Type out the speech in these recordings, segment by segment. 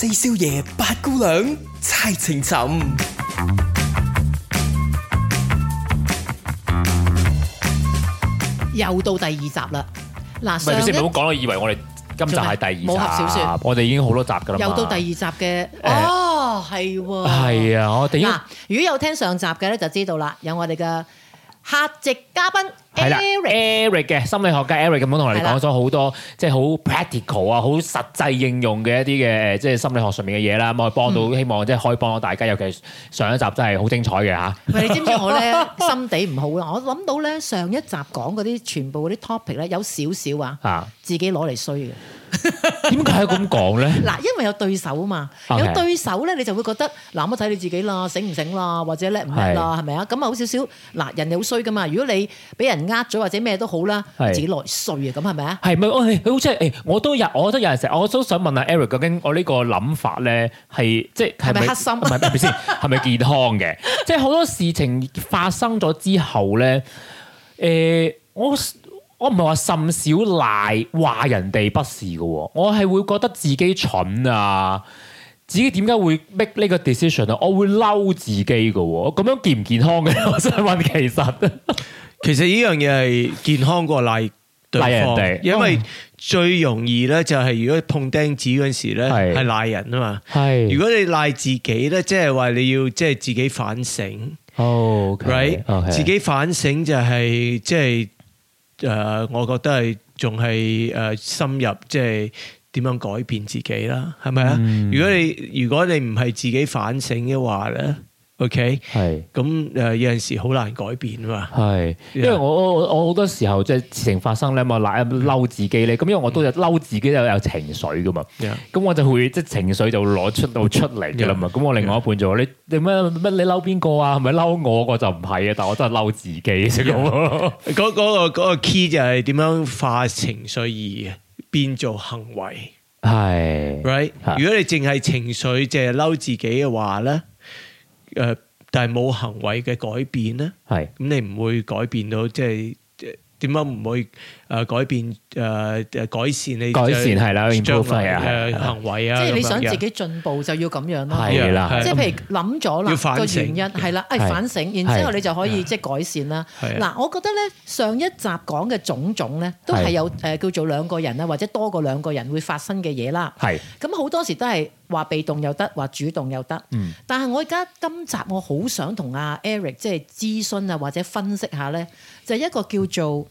四少爺八姑娘猜情尋，又到第二集啦！嗱，你先唔好講咯，以為我哋今集係第二集，我哋已經好多集噶啦。又到第二集嘅哦，係喎，係啊！我哋嗱，如果有聽上集嘅咧，就知道啦。有我哋嘅客席嘉賓。係啦，Eric 嘅心理學家 Eric 咁樣同我哋講咗好多，即係好 practical 啊，好實際應用嘅一啲嘅，即係心理學上面嘅嘢啦，咪幫到希望即係可以幫到大家。尤其上一集真係好精彩嘅嚇。咪你知唔知我咧心地唔好啊？我諗到咧上一集講嗰啲全部嗰啲 topic 咧有少少啊，自己攞嚟衰嘅。點解係咁講咧？嗱，因為有對手啊嘛，有對手咧，你就會覺得嗱，我睇你自己啦，醒唔醒啦，或者叻唔叻啦，係咪啊？咁啊，好少少嗱，人哋好衰噶嘛。如果你俾人呃咗或者咩都好啦，是自己來碎啊，咁係咪啊？係咪哦？佢好似係誒，我都有，我都有陣時，我都想問下 Eric，究竟我呢個諗法咧，係即係咪黑心？唔係咪先？係咪健康嘅？ 即係好多事情發生咗之後咧，誒、呃，我我唔係話甚少賴話人哋不是嘅，我係會覺得自己蠢啊。自己點解會 make 呢個 decision 啊？我會嬲自己㗎喎，咁樣健唔健康嘅？我想問，其實其實呢樣嘢係健康過賴賴人哋，因為最容易咧就係如果碰釘子嗰陣時咧，係賴人啊嘛。係如果你賴自己咧，即係話你要即係自己反省。OK，自己反省就係即係誒，我覺得係仲係誒深入即係。點樣改變自己啦？係咪啊？如果你如果你唔係自己反省嘅話咧，OK，係咁誒，有陣時好難改變嘛。係，因為我我好多時候即係事情發生咧，我嬲自己咧。咁因為我都有嬲自己，都有情緒噶嘛。咁是的 我就會即係情緒就攞出到出嚟噶啦嘛。咁是的 我另外一半就話是的 你你咩咩？你嬲邊個啊？係咪嬲我？我就唔係啊。但我都係嬲自己。嗰嗰個嗰、嗰個 key 就係點樣化情緒而已。變做行為係，Right。如果你淨係情緒，淨係嬲自己嘅話咧，誒，但係冇行為嘅改變咧，係，咁你唔會改變到即係。點樣唔會誒改變誒改善，你改善係啦，將嚟嘅行為啊，即係你想自己進步就要咁樣咯，係啦。即係譬如諗咗啦個原因係啦，誒，反省，然之後你就可以即係改善啦。嗱，我覺得咧，上一集講嘅種種咧，都係有誒，叫做兩個人啊，或者多過兩個人會發生嘅嘢啦。係咁，好多時都係話被動又得，話主動又得。嗯。但係我而家今集我好想同阿 Eric 即係諮詢啊，或者分析下咧。就一個叫做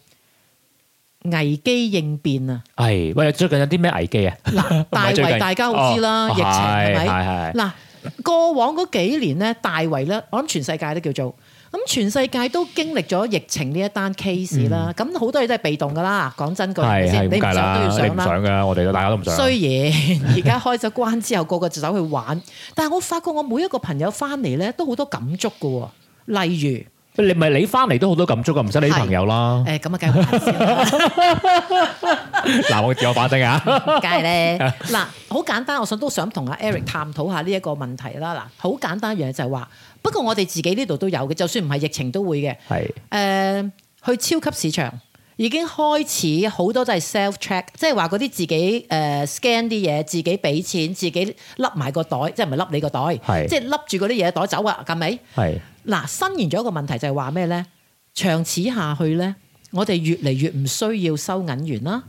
危機應變啊！係喂，最近有啲咩危機啊？嗱，大圍大家都知啦，疫情係咪？嗱，過往嗰幾年咧，大圍咧，我諗全世界都叫做咁，全世界都經歷咗疫情呢一單 case 啦。咁好多嘢都係被動噶啦，講真句先，你唔上都要上啦，唔上噶，我哋都大家都唔上。雖然而家開咗關之後，個個就走去玩，但係我發覺我每一個朋友翻嚟咧，都好多感觸噶，例如。你咪你翻嚟都好多咁足㗎，唔使你啲朋友啦。誒，咁啊，梗係會排少。嗱，我自我反證啊，梗係咧。嗱，好簡單，我想都想同阿 Eric 探討下呢一個問題啦。嗱，好簡單一樣嘢就係話，不過我哋自己呢度都有嘅，就算唔係疫情都會嘅。係，誒，去超級市場。已經開始好多都係 self check，即係話嗰啲自己誒、呃、scan 啲嘢，自己俾錢，自己笠埋個袋，即係唔係笠你個袋？是即係笠住嗰啲嘢袋走啊，係咪？係是。嗱，新完伸延咗一個問題就係話咩呢？長此下去呢，我哋越嚟越唔需要收銀員啦。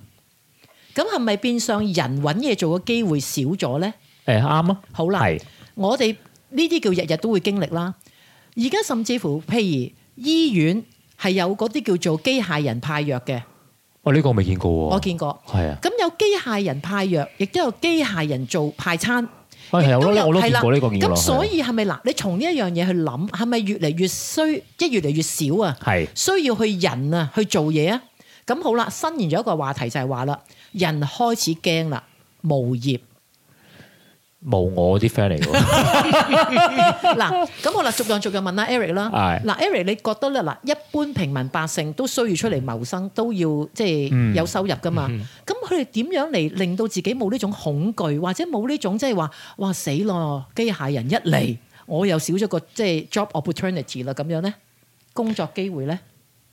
咁係咪變相人揾嘢做嘅機會少咗呢？誒啱啊！好啦，是我哋呢啲叫日，日日都會經歷啦。而家甚至乎譬如醫院。係有嗰啲叫做機械人派藥嘅、哦，這個、我呢個未見過、啊。我見過，係啊。咁有機械人派藥，亦都有機械人做派餐。係啊，有我我都見過呢個過。咁、啊、所以係咪嗱？你從呢一樣嘢去諗，係咪越嚟越需，即係越嚟越少啊？係、啊、需要去人啊去做嘢啊？咁好啦，伸延咗一個話題就係話啦，人開始驚啦，無業。冇我啲 friend 嚟嘅，嗱咁我嗱逐樣逐樣問啦 Eric 啦，嗱 Eric 你覺得咧嗱，一般平民百姓都需要出嚟謀生，都要即係有收入噶嘛？咁佢哋點樣嚟令到自己冇呢種恐懼，或者冇呢種即係話哇死咯，機械人一嚟我又少咗個即係 job opportunity 啦咁樣咧，工作機會咧，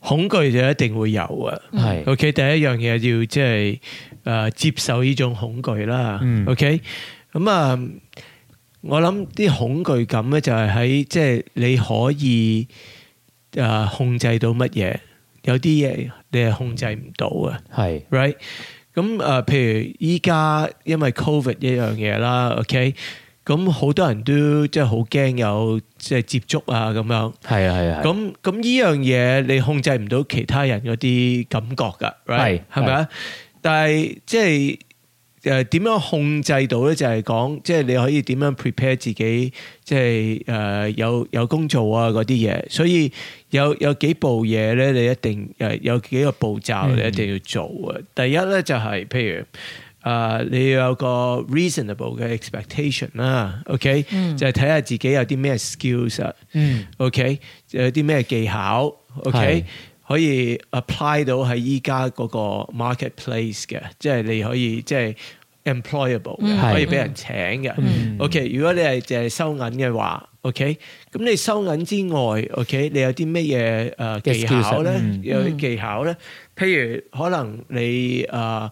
恐懼就一定會有啊。係 OK，第一樣嘢要即係誒接受呢種恐懼啦。OK。咁啊、嗯，我諗啲恐懼感咧就係喺即係你可以啊、呃、控制到乜嘢，有啲嘢你係控制唔到嘅，係、係，right？咁啊、呃，譬如依家因為 COVID 一樣嘢啦，OK？咁好多人都即係好驚有即係接觸啊咁樣，係啊係啊。咁咁呢樣嘢你控制唔到其他人嗰啲感覺噶，right？係咪啊？但係即係。就是誒點、呃、樣控制到咧？就係、是、講，即係你可以點樣 prepare 自己，即係誒、呃、有有工做啊嗰啲嘢。所以有有幾步嘢咧，你一定誒、呃、有幾個步驟，你一定要做嘅。嗯、第一咧就係、是、譬如誒、呃，你要有個 reasonable 嘅 expectation 啦、okay? 嗯。OK，就係睇下自己有啲咩 skills。嗯。OK，有啲咩技巧？OK。可以 apply 到喺依家嗰個 marketplace 嘅，即係你可以即係 employable 嘅，可以俾人請嘅。OK，如果你係淨係收銀嘅話，OK，咁你收銀之外，OK，你有啲乜嘢誒技巧咧？有啲技巧咧，譬如可能你誒。呃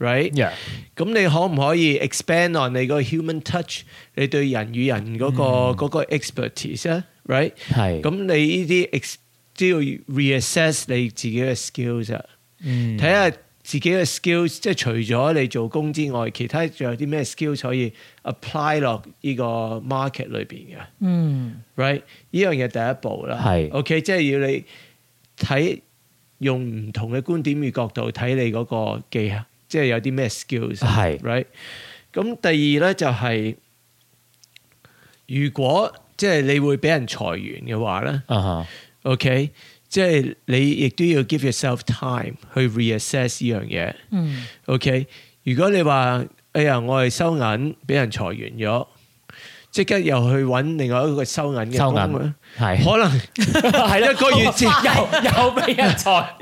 Right，咁你可唔可以 expand on 你個 human touch？你對人與人嗰個嗰個 expertise 啊？Right，係。咁你依啲都要 reassess 你自己嘅 skills，嗯，睇下自己嘅 skills，即係除咗你做工之外，其他仲有啲咩 skills 可以 apply 落依個 market 裏邊嘅？嗯，Right，依樣嘢第一步啦。係。OK，即係要你睇用唔同嘅觀點與角度睇你嗰個技巧。即係有啲咩 skills，right？是咁第二咧就係、是，如果即係你會俾人裁員嘅話咧、uh huh.，OK，即係你亦都要 give yourself time 去 reassess 呢樣嘢。Uh huh. OK，如果你話，哎呀，我係收銀俾人裁員咗。即刻又去揾另外一個收銀嘅工，可能係一個月之後又俾人裁，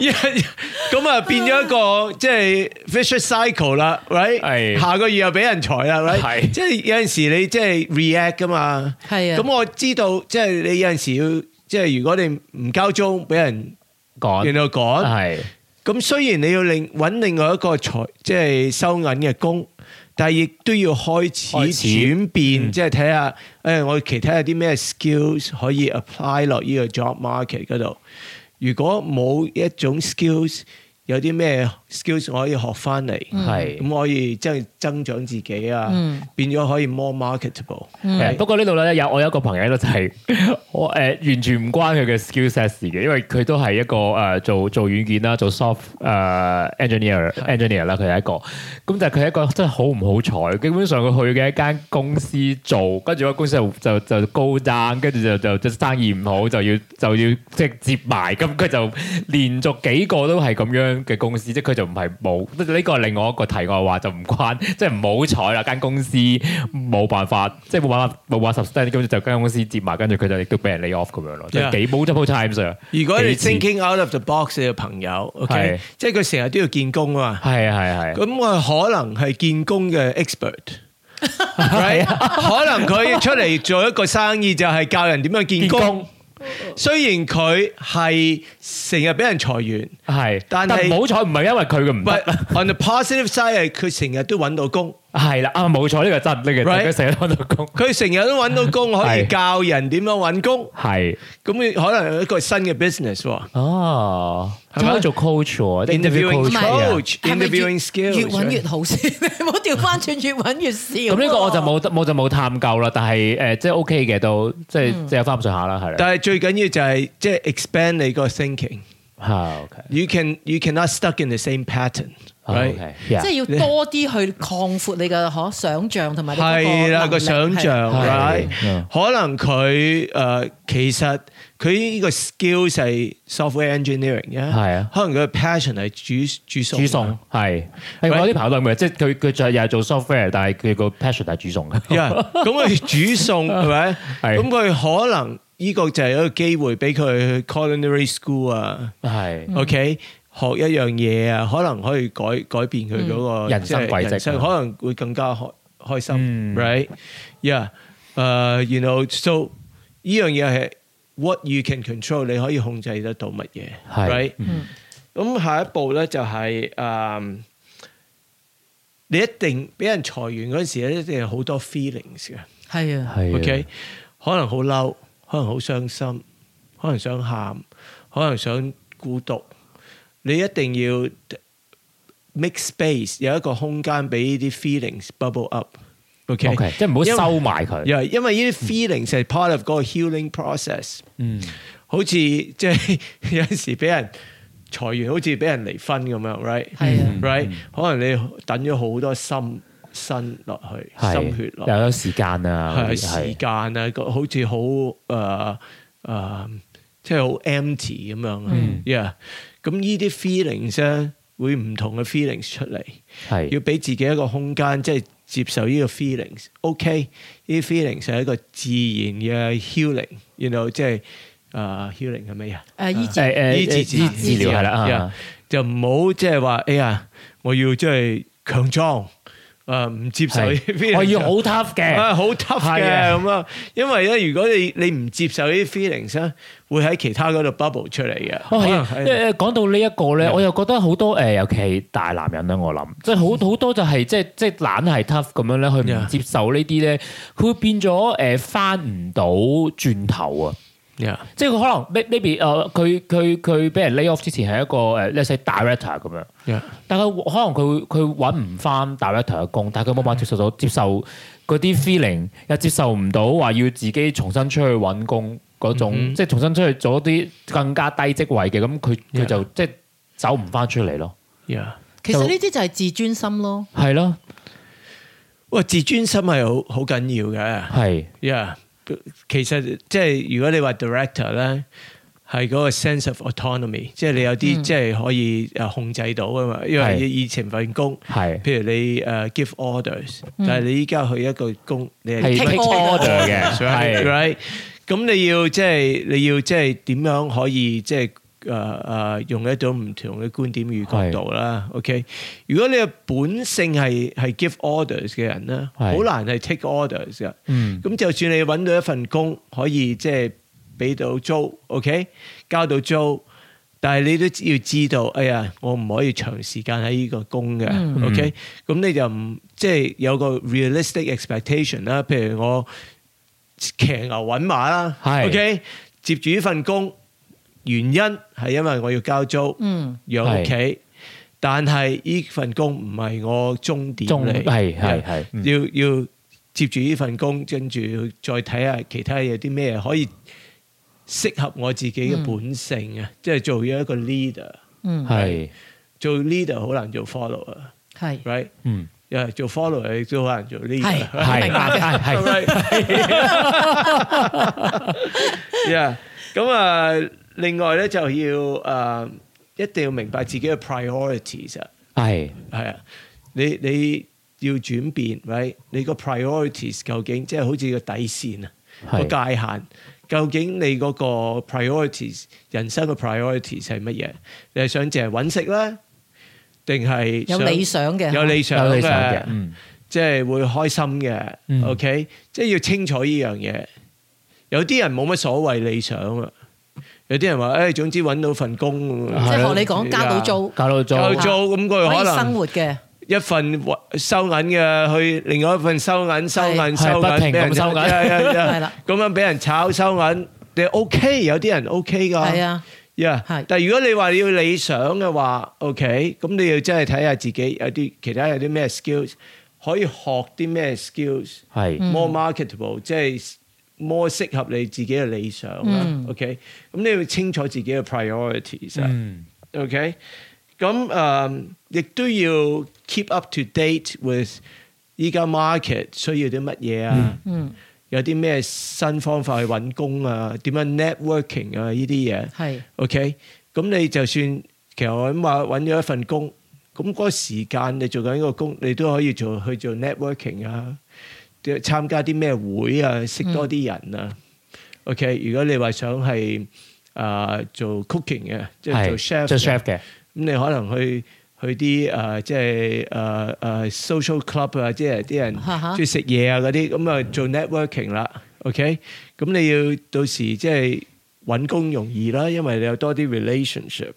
咁啊變咗一個即係 vicious cycle 啦，right？下個月又俾人裁啦，right？即係有陣時你即係 react 噶嘛，咁我知道即係你有陣時要即係如果你唔交租俾人趕，然後趕，咁雖然你要另揾另外一個裁，即係收銀嘅工。但係亦都要開始轉變，開始即係睇下誒我其他有啲咩 skills 可以 apply 落呢個 job market 嗰度。如果冇一種 skills，有啲咩 skills，我可以學翻嚟，係咁可以即係增長自己啊，變咗可以 more marketable。不過呢度咧有我有一個朋友就係，我誒完全唔關佢嘅 skills set 嘅，因為佢都係一個誒做做軟件啦，做 soft 誒 engineer engineer 啦，佢係一個。咁就佢係一個真係好唔好彩，基本上佢去嘅一間公司做，跟住嗰公司就就就高單，跟住就就即生意唔好，就要就要即接埋。咁佢就連續幾個都係咁樣嘅公司，即佢。就唔係冇呢個係另外一個題外話，就唔關，即係唔好彩啦！間公司冇辦法，即係冇辦法冇話十 percent，跟住就間公司接埋，跟住佢就亦都俾人 lay off 咁樣咯，即係幾 multiple times 啊！如果你 thinking out of the box 嘅朋友，OK，即係佢成日都要見工啊嘛，係啊係係。咁我可能係見工嘅 expert，可能佢出嚟做一個生意就係教人點樣見工。雖然佢係成日俾人裁員，係是，但係好彩唔係因為佢嘅唔得。On the positive side 係佢成日都揾到工。係啦，啊冇錯，呢個真，呢個佢成日都揾到工，佢成日都揾到工，可以教人點樣揾工，係，咁可能有一個新嘅 business 喎，哦，做唔做 culture，interviewing coach，interviewing skill，越揾越好先，唔好調翻轉，越揾越少。咁呢個我就冇，我就冇探究啦，但係誒，即係 OK 嘅都，即係即係翻上下啦，係。但係最緊要就係即係 expand 你個 thinking，你 can you cannot stuck in the same pattern。即係要多啲去擴闊你嘅可想象，同埋係啦個想象，可能佢誒其實佢呢個 skill 係 software engineering 嘅，係啊，可能佢嘅 passion 係煮煮餸，煮餸係。我啲跑道係咪？即係佢佢就又係做 software，但係佢個 passion 係煮餸嘅。咁佢煮餸，係咪？咁佢可能呢個就係一個機會，俾佢去 culinary school 啊。係，OK。學一樣嘢啊，可能可以改改變佢嗰個人生軌跡，可能會更加開開心，right？Yeah，誒，you knowso 呢樣嘢係 what you can control，你可以控制得到乜嘢，right？咁下一步咧就係誒，你一定俾人裁員嗰時咧一定係好多 feelings 嘅，係啊，OK？可能好嬲，可能好傷心，可能想喊，可能想孤獨。你一定要 make space，有一個空間俾呢啲 feelings bubble up，OK，即係唔好收埋佢。因為呢啲 feelings 係 part of 嗰個 healing process。嗯，好似即係有陣時俾人裁員，好似俾人離婚咁樣，right，係啊，right。可能你等咗好多心身落去，心血落，有咗有時間啊，係時間啊，個好似好誒誒，即係好 empty 咁樣，嗯，yeah。咁呢啲 feelings 咧，會唔同嘅 feelings 出嚟，係要俾自己一個空間，即係接受呢個 feelings。OK，呢啲 feelings 係一個自然嘅 healing，然後即係啊 healing 係乜嘢？誒，醫治，誒誒，治療係啦，就唔好即係話，哎呀，我要即係強裝。誒唔、呃、接受啲 feeling，我要好 tough 嘅，好 tough 嘅咁啊！因為咧，如果你你唔接受呢啲 feelings 咧，會喺其他嗰度 bubble 出嚟嘅。哦的，係啊，誒講到呢一個咧，是的 我又覺得好多誒是的、呃，尤其係大男人咧，我諗即係好好多就係即係即係懶係 tough 咁樣咧，佢、就、唔、是就是就是、接受呢啲咧，佢會變咗誒返唔到轉頭啊！Yeah. 即係佢可能 maybe 誒佢佢佢俾人 lay off 之前係一個誒、uh, let's say director 咁樣，Yeah. 但係可能佢佢揾唔翻 director 嘅工，但係佢冇辦法接受到接受嗰啲 feeling，又接受唔到話要自己重新出去揾工嗰種，mm hmm. 即係重新出去做啲更加低職位嘅，咁佢佢就即係走唔翻出嚟咯。Yeah. 其實呢啲就係自尊心咯，係咯，哇！自尊心係好好緊要嘅，係是。Yeah. 其實即係如果你話 director 咧，係嗰個 sense of autonomy，即係你有啲即係可以誒控制到㗎嘛，因為以前份工係，譬如你誒 give orders，但係你依家去一個工，你係 take order 嘅，係，right，咁你要即係你要即係點樣可以即係？誒誒、呃，用一種唔同嘅觀點與角度啦。是 OK，如果你嘅本性係係 give orders 嘅人咧，好是難係 take orders 嘅。嗯，咁就算你揾到一份工，可以即係俾到租，OK，交到租，但係你都要知道，哎呀，我唔可以長時間喺呢個工嘅。嗯、OK，咁你就唔即係有個 realistic expectation 啦。譬如我騎牛揾馬啦是，OK，接住呢份工。原因係因為我要交租，養屋企，但係呢份工唔係我終點，係係係要要接住呢份工，跟住再睇下其他有啲咩可以適合我自己嘅本性啊！即係做咗一個 leader，係做 leader 好難做 follower，係 right，嗯，又係做 follower 都好難做 leader，係係係係，yeah，咁啊。另外咧，就要誒、呃，一定要明白自己嘅 priorities 的。係係啊，你你要轉變，喂、right?，你個 priorities 究竟即係好似個底線啊，個的界限究竟你嗰個 priorities 人生嘅 priorities 係乜嘢？你係想淨係揾食啦？定係有理想嘅？有理想嘅，即係會開心嘅。嗯、OK，即係要清楚呢樣嘢。有啲人冇乜所謂理想啊。有啲人話誒，總之揾到份工，即係同你講交到租，交到租，交到租咁佢可能可以生活嘅一份收銀嘅去另外一份收銀，收銀收銀收銀咁收銀係啦，咁樣俾人炒收銀，你 OK？有啲人 OK 噶係啊，又係。但係如果你話你要理想嘅話，OK，咁你要真係睇下自己有啲其他有啲咩 skills 可以學啲咩 skills，係 more marketable，即係。more 適合你自己嘅理想啦，OK？咁你要清楚自己嘅 priorities，OK？咁誒，亦都要 keep up to date with 依家 market 需要啲乜嘢啊？嗯，有啲咩新方法去揾工啊？點樣 networking 啊？依啲嘢係 OK？咁你就算其實我諗話揾咗一份工，咁嗰個時間你做緊呢個工，你都可以做去做 networking 啊。參加啲咩會啊？識多啲人啊？OK，如果你話想係啊做 cooking 嘅，即係做 chef 做 chef 嘅，咁你可能去去啲誒，即係誒誒 social club 啊，即係啲人中意食嘢啊嗰啲，咁啊做 networking 啦。OK，咁你要到時即係搵工容易啦，因為你有多啲 relationship。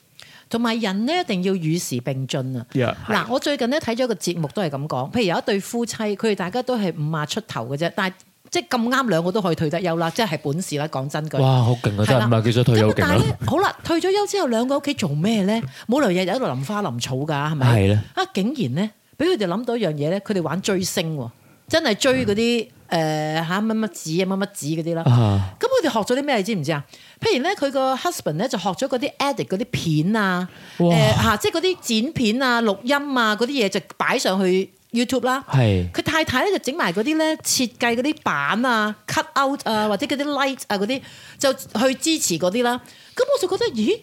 同埋人咧，一定要與時並進啊！嗱，我最近咧睇咗個節目，都係咁講。譬如有一對夫妻，佢哋大家都係五啊出頭嘅啫，但係即係咁啱兩個都可以退得休啦，即係本事啦。講真句，哇，好勁啊！的真係五啊幾歲退休。但係咧，好啦，退咗休之後，兩個屋企做咩咧？冇理由日日喺度淋花淋草㗎，係咪？係的啊，竟然咧，俾佢哋諗到一樣嘢咧，佢哋玩追星喎！真係追嗰啲。嗯誒，吓乜乜紙啊，乜乜紙嗰啲啦。咁佢哋學咗啲咩？你知唔知啊？譬如咧，佢個 husband 咧就學咗嗰啲 edit 嗰啲片啊，誒吓哇，即係嗰啲剪片啊、錄音啊嗰啲嘢就擺上去 YouTube 啦。係佢是太太咧就整埋嗰啲咧設計嗰啲板啊、cut out 啊或者嗰啲 light 啊嗰啲，就去支持嗰啲啦。咁我就覺得，咦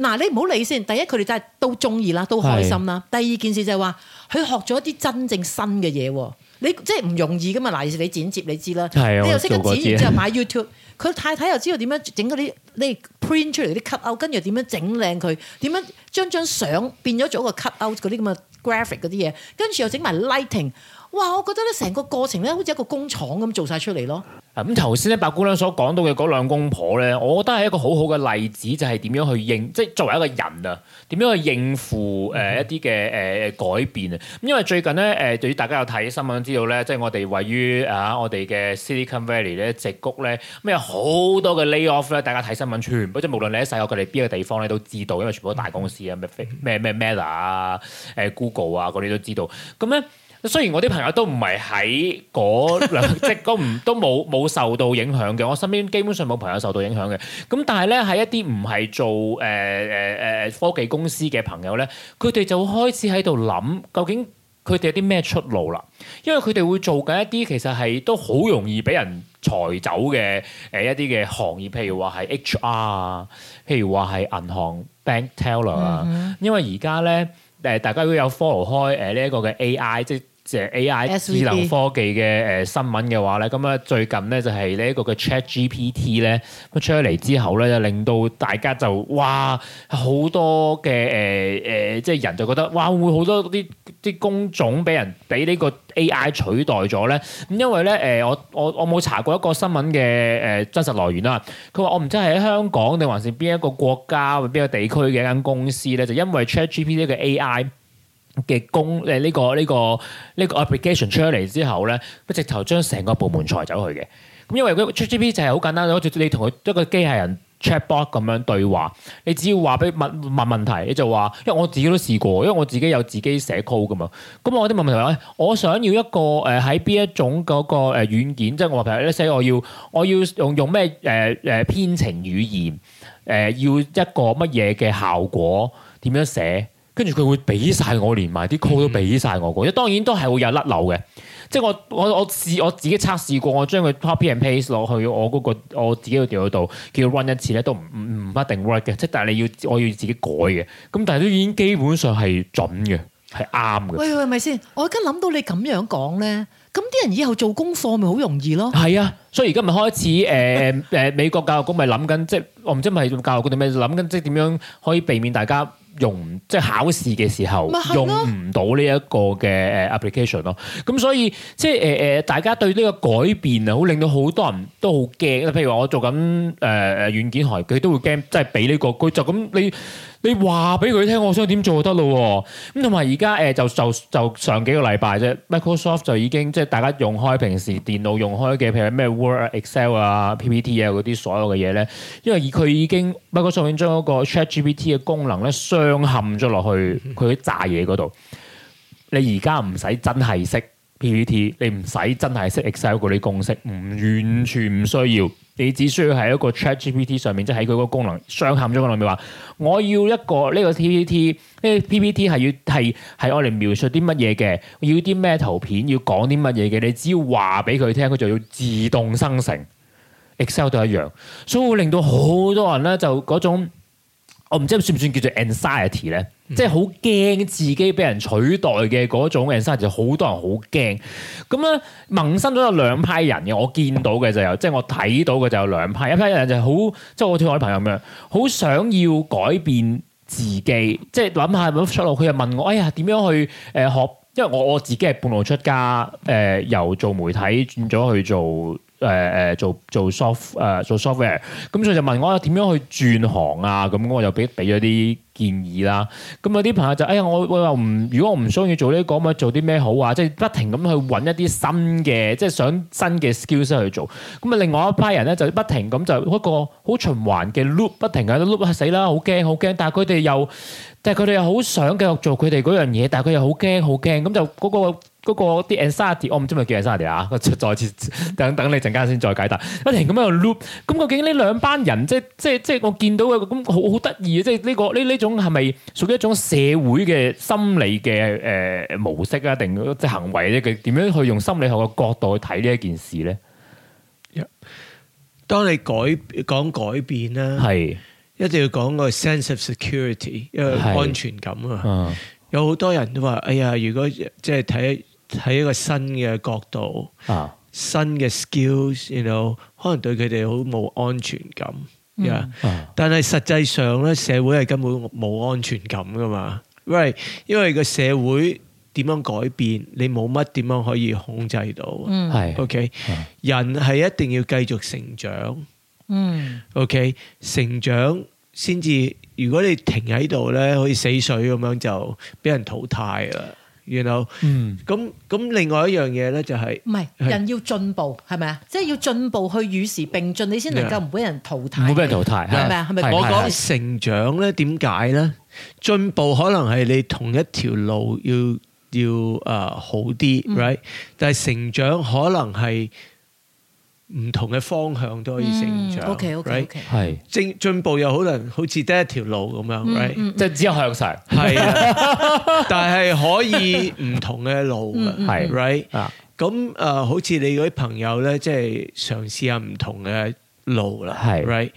嗱，你唔好理先。第一，佢哋真係都中意啦，都開心啦。是第二件事就係話，佢學咗一啲真正新嘅嘢，啊。你即係唔容易㗎嘛？嗱，例如你剪接你，對你知啦。係啊，你又識得剪，做然之後買 YouTube，佢 太太又知道點樣整嗰啲，你 print 出嚟啲 cut out，跟住又點樣整靚佢？點樣將張相變咗做個 cut out 嗰啲咁嘅 graphic 嗰啲嘢，跟住又整埋 lighting。哇！我覺得咧成個過程咧好似一個工廠咁做晒出嚟咯。咁頭先咧，白姑娘所講到嘅嗰兩公婆咧，我覺得係一個好好嘅例子，就係點樣去應，即係作為一個人啊，點樣去應付誒一啲嘅誒改變啊。咁因為最近咧誒，對於大家有睇新聞知道咧，即係我哋位於啊我哋嘅 Silicon Valley 咧，直谷咧，咩好多嘅 lay off 咧，大家睇新聞全部，即係無論你喺世界嘅邊個地方咧，都知道，因為全部都大公司啊，咩咩咩 Meta 啊，誒 Google 啊，嗰啲都知道，咁咧。雖然我啲朋友都唔係喺嗰兩即係都唔都冇冇受到影響嘅，我身邊基本上冇朋友受到影響嘅。咁但係咧，喺一啲唔係做誒誒誒科技公司嘅朋友咧，佢哋就會開始喺度諗究竟佢哋有啲咩出路啦。因為佢哋會做緊一啲其實係都好容易俾人裁走嘅誒一啲嘅行業，譬如話係 HR 啊，譬如話係銀行 Bank Teller 啊。因為而家咧誒，大家都有 follow 開誒呢一個嘅 AI，即係。即係 AI 智能科技嘅誒新聞嘅話咧，咁啊最近咧就係呢一個嘅 ChatGPT 咧出嚟之後咧，就令到大家就哇好多嘅誒誒，即係人就覺得哇會好多啲啲工種俾人俾呢個 AI 取代咗咧。咁因為咧誒，我我我冇查過一個新聞嘅誒真實來源啦。佢話我唔知係喺香港定還是邊一個國家或者邊個地區嘅一間公司咧，就因為 ChatGPT 嘅、這個、AI。嘅工誒呢個呢、這個呢、這個 application 出嚟之後咧，佢直頭將成個部門裁走去嘅。咁因為佢 g b 就係好簡單，就好似、你同佢一個機械人 chatbot 咁樣對話，你只要話俾問問，問問題，你就話，因為我自己都試過，因為我自己有自己寫 c a l l 嘅嘛。咁我啲問問題話，我想要一個誒喺邊一種嗰個誒軟件，即、就、係、是、我譬如你寫，我要我要用用咩誒誒編程語言誒、呃，要一個乜嘢嘅效果，點樣寫？跟住佢會畀晒我連埋啲 code 都畀晒我個，因為當然都係會有甩漏嘅。即係我我我試我自己測試過，我將佢 copy and paste 落去我嗰、嗰個我自己個電腦度，叫 run 一次咧都唔唔唔一定 work 嘅。即係但係你要我要自己改嘅，咁但係都已經基本上係準嘅，係啱嘅。喂喂，係咪先？我而家諗到你咁樣講咧，咁啲人以後做功課咪好容易咯？係啊。所以而家咪開始誒誒、呃、美國教育局，咪諗緊即係我唔知咪教育局定咩諗緊即係點樣可以避免大家用即係考試嘅時候用唔到呢一個嘅誒 application 咯。咁 所以即係誒誒大家對呢個改變啊，好令到好多人都好驚，譬如話我做緊誒誒軟件台佢都會驚、這個，即係俾呢個佢就咁你你話俾佢聽我想點做得咯？咁同埋而家誒就就就上幾個禮拜啫，Microsoft 就已經即係大家用開平時電腦用開嘅，譬如咩。Excel 啊、PPT 啊，嗰啲所有嘅嘢咧，因為佢已經，不過上面將嗰個 ChatGPT 嘅功能咧，鑲嵌咗落去佢炸嘢嗰度。你而家唔使真係識。PPT 你唔使真係識 Excel 嗰啲公式，唔完全唔需要，你只需要喺一個 ChatGPT 上面，即係佢嗰個功能雙含咗嗰度裡面話，我要一個呢、這個 PPT 呢個 PPT 係要係係我嚟描述啲乜嘢嘅，要啲咩圖片，要講啲乜嘢嘅，你只要話俾佢聽，佢就要自動生成。Excel 都一樣，所以會令到好多人咧就嗰種。我唔知算唔算叫做 anxiety 咧，嗯，即係好驚自己俾人取代嘅嗰種 anxiety，好多人好驚。咁咧萌生咗有兩派人嘅，我見到嘅就有，即係我睇到嘅就有兩派，一派人就好，即係我聽我啲朋友咁樣，好想要改變自己，即係諗下諗出路。佢又問我：哎呀，點樣去誒學？因為我我自己係半路出家，誒，由做媒體轉咗去做。誒誒、呃、做做 soft 誒、呃、做 software，咁佢就問我點樣去轉行啊？咁我又俾俾咗啲建議啦。咁有啲朋友就誒、哎，我我又唔，如果我唔需要做呢、這個，咁做啲咩好啊？即、就、係、是、不停咁去揾一啲新嘅，即、就、係、是、想新嘅 skills 去做。咁啊，另外一派人咧就不停咁就一個好循環嘅 loop，不停喺度 loop 啊！死啦，好驚好驚。但係佢哋又但係佢哋又好想繼續做佢哋嗰樣嘢，但係佢又好驚好驚，咁就嗰、那個。那個、anxiety，不過啲 anxiety，我唔知咪叫 anxiety 啊！再再次等等你陣間先再解答，不停咁樣 loop。咁究竟呢兩班人，即係即係即係我見到嘅咁好好得意啊！即係呢、這個呢呢種係咪屬於一種社會嘅心理嘅誒、呃、模式啊？定即係行為咧？佢點樣去用心理學嘅角度去睇呢一件事咧？當你改講改變啦，係是一定要講個 sense of security，因為安全感啊。嗯、有好多人都話，哎呀，如果即係睇。喺一個新嘅角度，啊、新嘅 skills，你 k 可能對佢哋好冇安全感，嗯、但係實際上咧，社會係根本冇安全感噶嘛 r i、嗯、因為個社會點樣改變，你冇乜點樣可以控制到，係，OK，人係一定要繼續成長，嗯，OK，成長先至。如果你停喺度咧，好似死水咁樣，就俾人淘汰啦。You know，咁咁另外一樣嘢咧，就係唔係人要進步，係咪啊？即係要進步去與時並進，你先能夠唔俾人淘汰。唔會俾人淘汰，係咪啊？係咪我講成長咧？點解咧？進步可能係你同一條路要要誒好啲，right？但係成長可能係。唔同嘅方向都可以成長，OK OK OK，係進進步又可能好似得一條路咁樣，即係只有向上，係啊。但係可以唔同嘅路啊，Right？咁誒，好似你嗰啲朋友咧，即係嘗試下唔同嘅路啦，係 Right？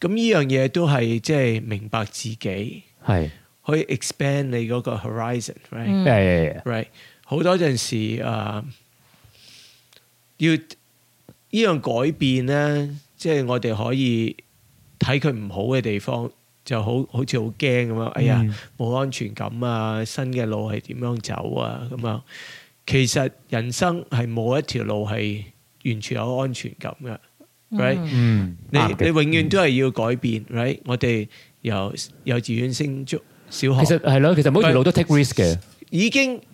咁呢樣嘢都係即係明白自己，係可以 expand 你嗰個 horizon，Right？係，Right？好多陣時誒要。呢樣改變呢，即係我哋可以睇佢唔好嘅地方，就好好似好驚咁啊！哎呀，冇、嗯、安全感啊，新嘅路係點樣走啊？咁啊，其實人生係冇一條路係完全有安全感嘅，right？嗯，你你永遠都係要改變、嗯、，right？我哋由幼稚園升小學，其實係咯，其實每條路都 take risk 嘅，已經。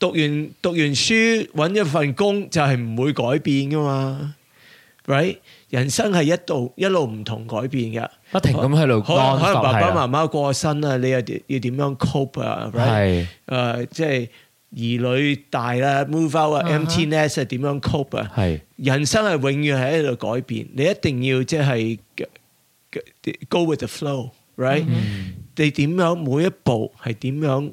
讀完讀完書，搵一份工就係唔會改變噶嘛，right？人生係一度一路唔同改變嘅，不停咁喺度。可能可能爸爸媽媽過身啊，你又要點樣 cope 啊？right？係誒，即係兒女大啦，move out 啊，MTS 啊，點樣 cope 啊？係人生係永遠係喺度改變，你一定要即係 go with the flow，right？你點樣每一步係點樣？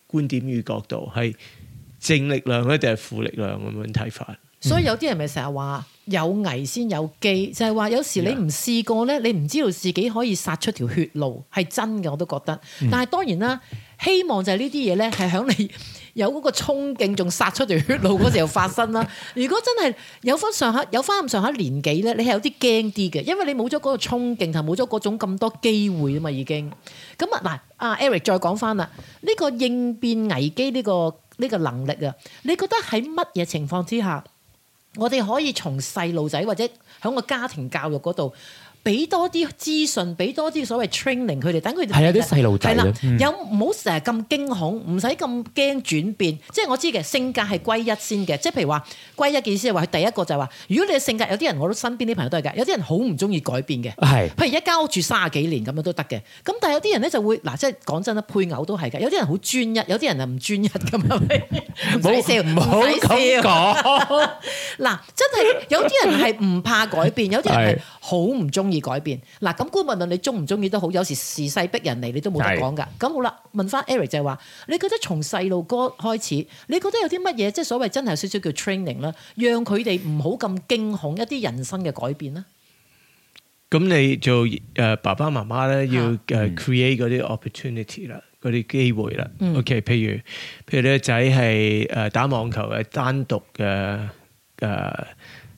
觀點與角度係正力量，一定係負力量咁樣睇法。所以有啲人咪成日話有危先有機，就係話有時你唔試過呢，的你唔知道自己可以殺出條血路，係真嘅。我都覺得。但係當然啦，嗯、希望就係呢啲嘢呢，係響你。有嗰個，個衝勁，仲殺出條血路嗰時候發生啦。如果真係有翻上下，有翻咁上下年紀咧，你係有啲驚啲嘅，因為你冇咗嗰個衝勁同冇咗嗰種咁多機會啊嘛，已經。咁啊，嗱，阿 Eric 再講翻啦，呢個應變危機呢個呢個能力啊，你覺得喺乜嘢情況之下，我哋可以從細路仔或者喺個家庭教育嗰度？俾多啲資訊，俾多啲所謂 training 佢哋，等佢哋。係啊了，啲細路仔。係啦，有唔好成日咁驚恐，唔使咁驚轉變。即係我知嘅性格係歸一先嘅。即係譬如話歸一嘅意思係話，第一個就係話，如果你嘅性格有啲人，我都身邊啲朋友都係㗎。有啲人好唔中意改變嘅。係是。譬如一間屋住卅幾年咁樣都得嘅。咁但係有啲人咧就會嗱，即係講真啦，配偶都係㗎。有啲人好專一，有啲人啊唔專一咁樣。唔好， 不， 笑，唔好咁講。嗱， 真係有啲人係唔怕改變，有啲人係好唔中。易改變嗱，咁姑無論你中唔中意都好，有時時勢逼人嚟，你都冇得講噶。咁是好啦，問翻 Eric 就係話，你覺得從細路哥開始，你覺得有啲乜嘢即係所謂真係少少叫 training 啦，讓佢哋唔好咁驚恐一啲人生嘅改變咧？咁你做誒爸爸媽媽咧，要誒 create 嗰啲 opportunity 啦，嗰啲機會啦。OK，譬如譬如你個仔係誒打網球嘅，單獨嘅誒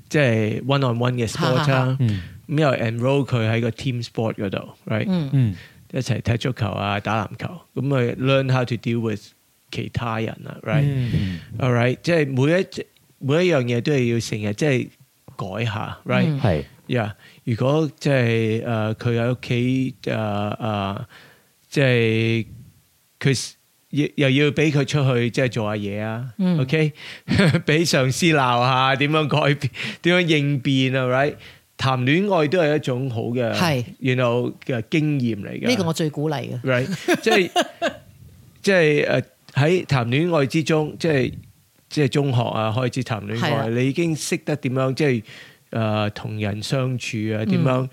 即係 one on one 嘅 sport 啦。嗯咁又 enroll 佢喺個 team sport 嗰度，right，一齊踢足球啊，打籃球，咁咪 learn how to deal with 其他人啊，right，all right，即係每一每一樣嘢都係要成日即係改下，right，係，yeah，如果即係誒佢喺屋企誒誒，即係佢又又要俾佢出去即係做下嘢啊，ok，俾上司鬧下，點樣改變，點樣應變啊，right？談戀愛都係一種好嘅、然後嘅經驗嚟嘅。呢個我最鼓勵嘅，right，即係即係誒喺談戀愛之中，即係即係中學啊開始談戀愛，你已經識得點樣，即係誒同人相處啊，點樣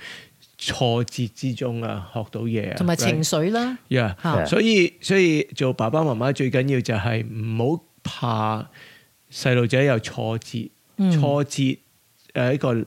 挫折之中啊學到嘢啊，同埋情緒啦。呀，所以所以做爸爸媽媽最緊要就係唔好怕細路仔有挫折，挫折誒一個。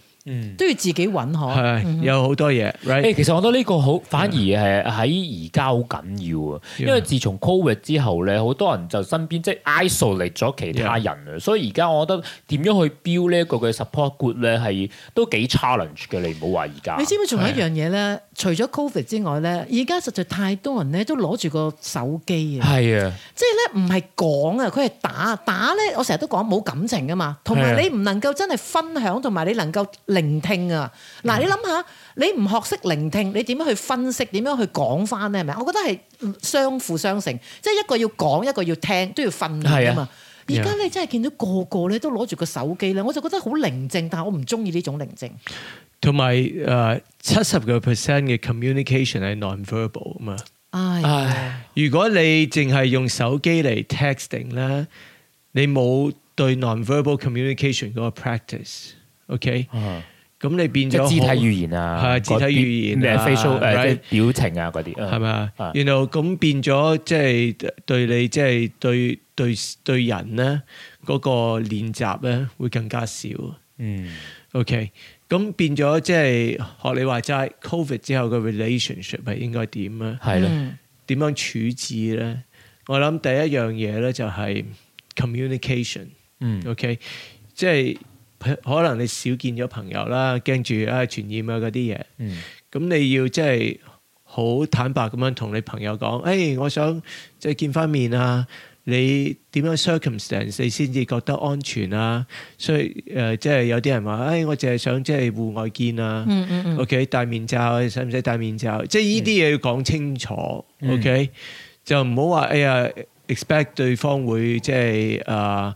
嗯，都要自己揾嗬，係的、嗯、哼有好多嘢。欸、其實我覺得呢個好，反而係喺而家好緊要啊。嗯、因為自從 COVID 之後咧，好多人就身邊即係、就是、isolate 咗其他人啊。嗯、所以而家我覺得點樣去 build 呢一個嘅 support group 咧，係都幾 challenge 嘅。你唔好話而家。你知唔知仲有一樣嘢咧？的除咗 COVID 之外咧，而家實在太多人咧都攞住個手機啊。係啊的，即係咧唔係講啊，佢係打打咧。我成日都講冇感情㗎嘛，同埋你唔能夠真係分享，同埋你能夠。聆聽啊，嗱你諗下，你唔學識聆聽，你點樣去分析？點樣去講翻咧？係咪？我覺得係相輔相成，即係一個要講，一個要聽，都要訓練啊嘛。而家你真係見到個個咧都攞住個手機咧，我就覺得好寧靜，但係我唔中意呢種寧靜。同埋誒，七十個 percent 嘅 communication 係 non-verbal 啊嘛。唉，如果你淨係用手機嚟 texting 咧，你冇對 non-verbal communication 嗰個 practice。O K，咁你變咗肢體語言啊，係啊，肢體語言啊，Facebook 誒，即係表情啊，嗰啲係咪啊？然後咁變咗，即係對你，即係對對對人咧，嗰個練習咧會更加少。嗯，O K，咁變咗，即係學你話齋，Covid 之後嘅 relationship 係應該點咧？係咯，點樣處置咧？我諗第一樣嘢咧就係 communication、嗯。嗯，O K，即係。可能你少見咗朋友啦，驚住啊傳染啊嗰啲嘢，咁、嗯、你要即係好坦白咁樣同你朋友講，誒、哎，我想即係見翻面啊，你點樣 circumstance 你先至覺得安全啊？所以誒，即、呃、係、就是、有啲人話，誒、哎，我淨係想即係戶外見啊、嗯嗯嗯、，OK 戴面罩，使唔使戴面罩？即係呢啲嘢要講清楚、嗯、，OK 就唔好話，哎呀 expect 對方會即係啊。就是呃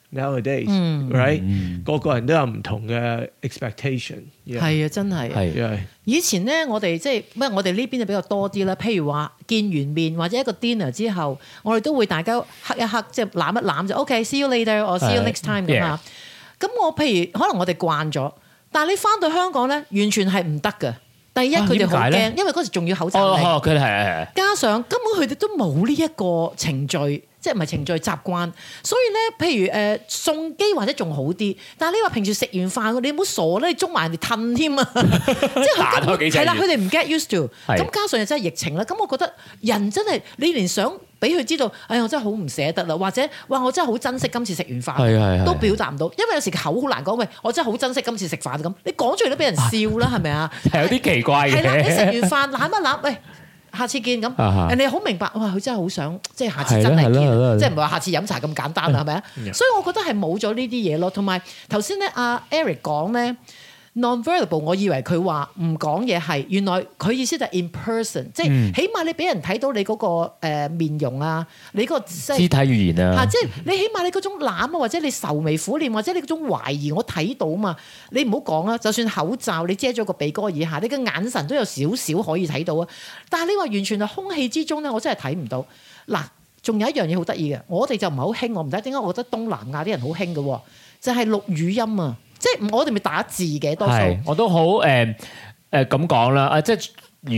Nowadays，right 個、mm hmm. 個人都有唔同嘅 expectation、yeah?。係啊，真係、啊。係、啊。以前咧，我哋即係乜？我哋呢邊就比較多啲啦。譬如話見完面或者一個 dinner 之後，我哋都會大家黑一黑，即係攬一攬就 OK，see you later，or see you next time 咁啊、uh, yeah.。咁我譬如可能我哋慣咗，但係你翻到香港咧，完全係唔得㗎。第一佢哋好驚，因為嗰時仲要口罩。哦哦，佢係係。加上根本佢哋都冇呢一個程序。即係唔係程序習慣，所以咧，譬如誒、呃、送機或者仲好啲，但係你話平時食完飯，你冇傻咧，你捉埋人哋吞添啊！即係係啦，佢哋唔 get used to，咁是加上又真係疫情啦，咁、嗯、我覺得人真係你連想俾佢知道，哎呀，我真係好唔捨得啦，或者哇，我真係好珍惜今次食完飯，都表達唔到，因為有時口好難講，喂，我真係好珍惜今次食飯咁，你講出嚟都俾人笑啦，係咪啊？係有啲奇怪嘅。係啦，你食完飯攬一攬，喂、哎。下次見咁，人哋好明白，哇！佢真係好想，即係下次真係見，是是是即係唔係話下次飲茶咁簡單啦，係咪啊？所以我覺得係冇咗呢啲嘢咯。同埋頭先呢，阿 Eric 講呢。non-verbal，我以為佢話唔講嘢係，原來佢意思就係 in person，嗯、即係起碼你俾人睇到你嗰個面容啊，嗯、你、個肢體語言啊，啊即係你起碼你嗰種攬啊，或者你愁眉苦臉，或者你嗰種懷疑，我睇到嘛。你唔好講啊，就算口罩你遮咗個鼻哥以下，你嘅眼神都有少少可以睇到啊。但係你話完全喺空氣之中咧，我真係睇唔到。嗱，仲有一樣嘢好得意嘅，我哋就唔係好興，我唔知點解，我覺得東南亞啲人好興嘅，就係、是、錄語音啊。即係我哋咪打字嘅，多數我都好誒誒咁講啦，誒即係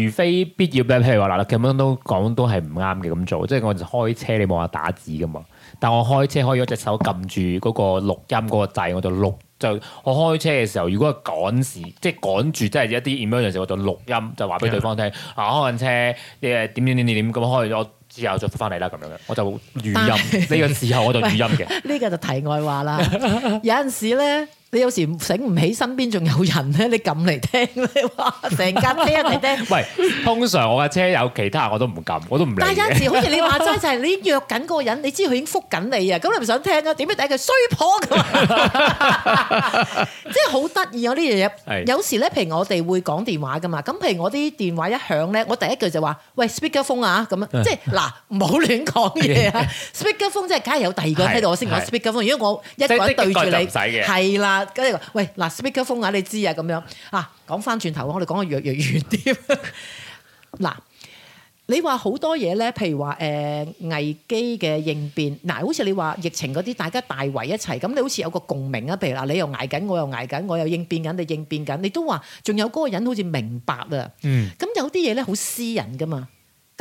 如非必要咧，譬如話嗱，咁樣都講都係唔啱嘅咁做。即係我哋開車，你冇話打字噶嘛？但我開車開咗隻手撳住嗰個錄音嗰個掣，我就錄就我開車嘅時候，如果趕時即係趕住，即係一啲 emergency 嘅時候，我就錄音就話俾對方聽啊，開緊車，你誒點點點點點咁開咗之後再翻嚟啦咁樣嘅，我就語音呢個時候我就語音嘅。呢個就題外話啦，有陣時咧。你有時醒唔起身邊仲有人咧，你撳嚟聽，哇成架車人嚟聽。喂，通常我架車有其他人我都唔撳，我都唔理。但有時好似你話齋就係你約緊嗰個人，你知佢已經覆緊你啊，咁你唔想聽啊？點解第一句衰婆㗎嘛？即係好得意啊！呢樣嘢，有時咧，譬如我哋會講電話噶嘛，咁譬如我啲電話一響咧，我第一句就話：喂，speaker phone 啊，咁樣，即係嗱，唔好亂講嘢。speaker phone 即係梗係有第二個聽到，我先講 speaker phone。如果我一個人對住你，係啦。嗯、喂嗱，speakerphone 啊，你知啊咁樣啊，講翻轉頭，我哋講個弱弱完啲。嗱， 你話好多嘢咧，譬如話誒危機嘅應變，嗱，好似你話疫情嗰啲，大家大圍一齊，咁你好似有個共鳴啊。譬如嗱，你又捱緊，我又捱緊，我又應變緊，你應變緊，你都話仲有嗰個人好似明白啊。嗯，咁有啲嘢咧，好私人㗎嘛。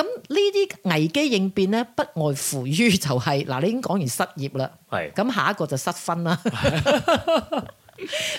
咁呢啲危機應變咧，不外乎於就係、是、嗱，你已經講完失業啦，係咁是下一個就失分失婚啦，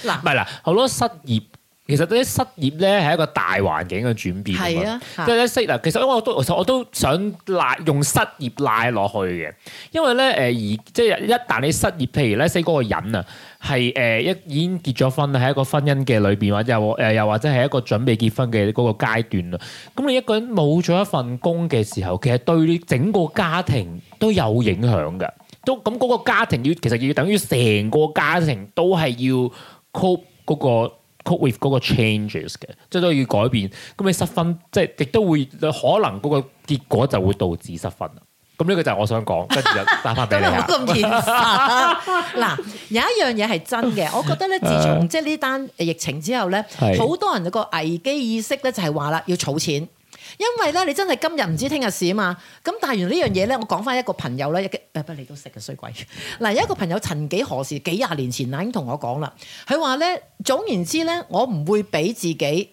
嗱，唔係啦，好多失業。其實啲失業咧係一個大環境嘅轉變啊，即係咧，嗱，其實因為我都其實我都想拉用失業拉落去嘅，因為咧誒而即係一旦你失業，譬如咧，嗰個人啊係誒一已經結咗婚啦，喺一個婚姻嘅裏邊，或者又誒又或者係一個準備結婚嘅嗰個階段啦。咁你一個人冇咗一份工嘅時候，其實對整個家庭都有影響㗎，都咁嗰個家庭要其實要等於成個家庭都係要 cope 嗰個。cope with 嗰 changes 嘅，即係都要改變，咁你失分，即係亦都會可能嗰個結果就會導致失分。咁呢個就係我想講。跟住就打翻俾你。咁啊，咁現實。嗱， 有一樣嘢係真嘅， 我覺得咧，自從即係呢單疫情之後咧，好、uh，多人個危機意識咧就係話啦，要儲錢。因為咧，你真係今日唔知聽日事啊嘛，咁但係原來呢樣嘢咧，我講翻一個朋友咧，誒不你都識嘅衰鬼，嗱有一個朋友，曾幾何時幾廿年前已經同我講啦，佢話咧總言之咧，我唔會俾自己。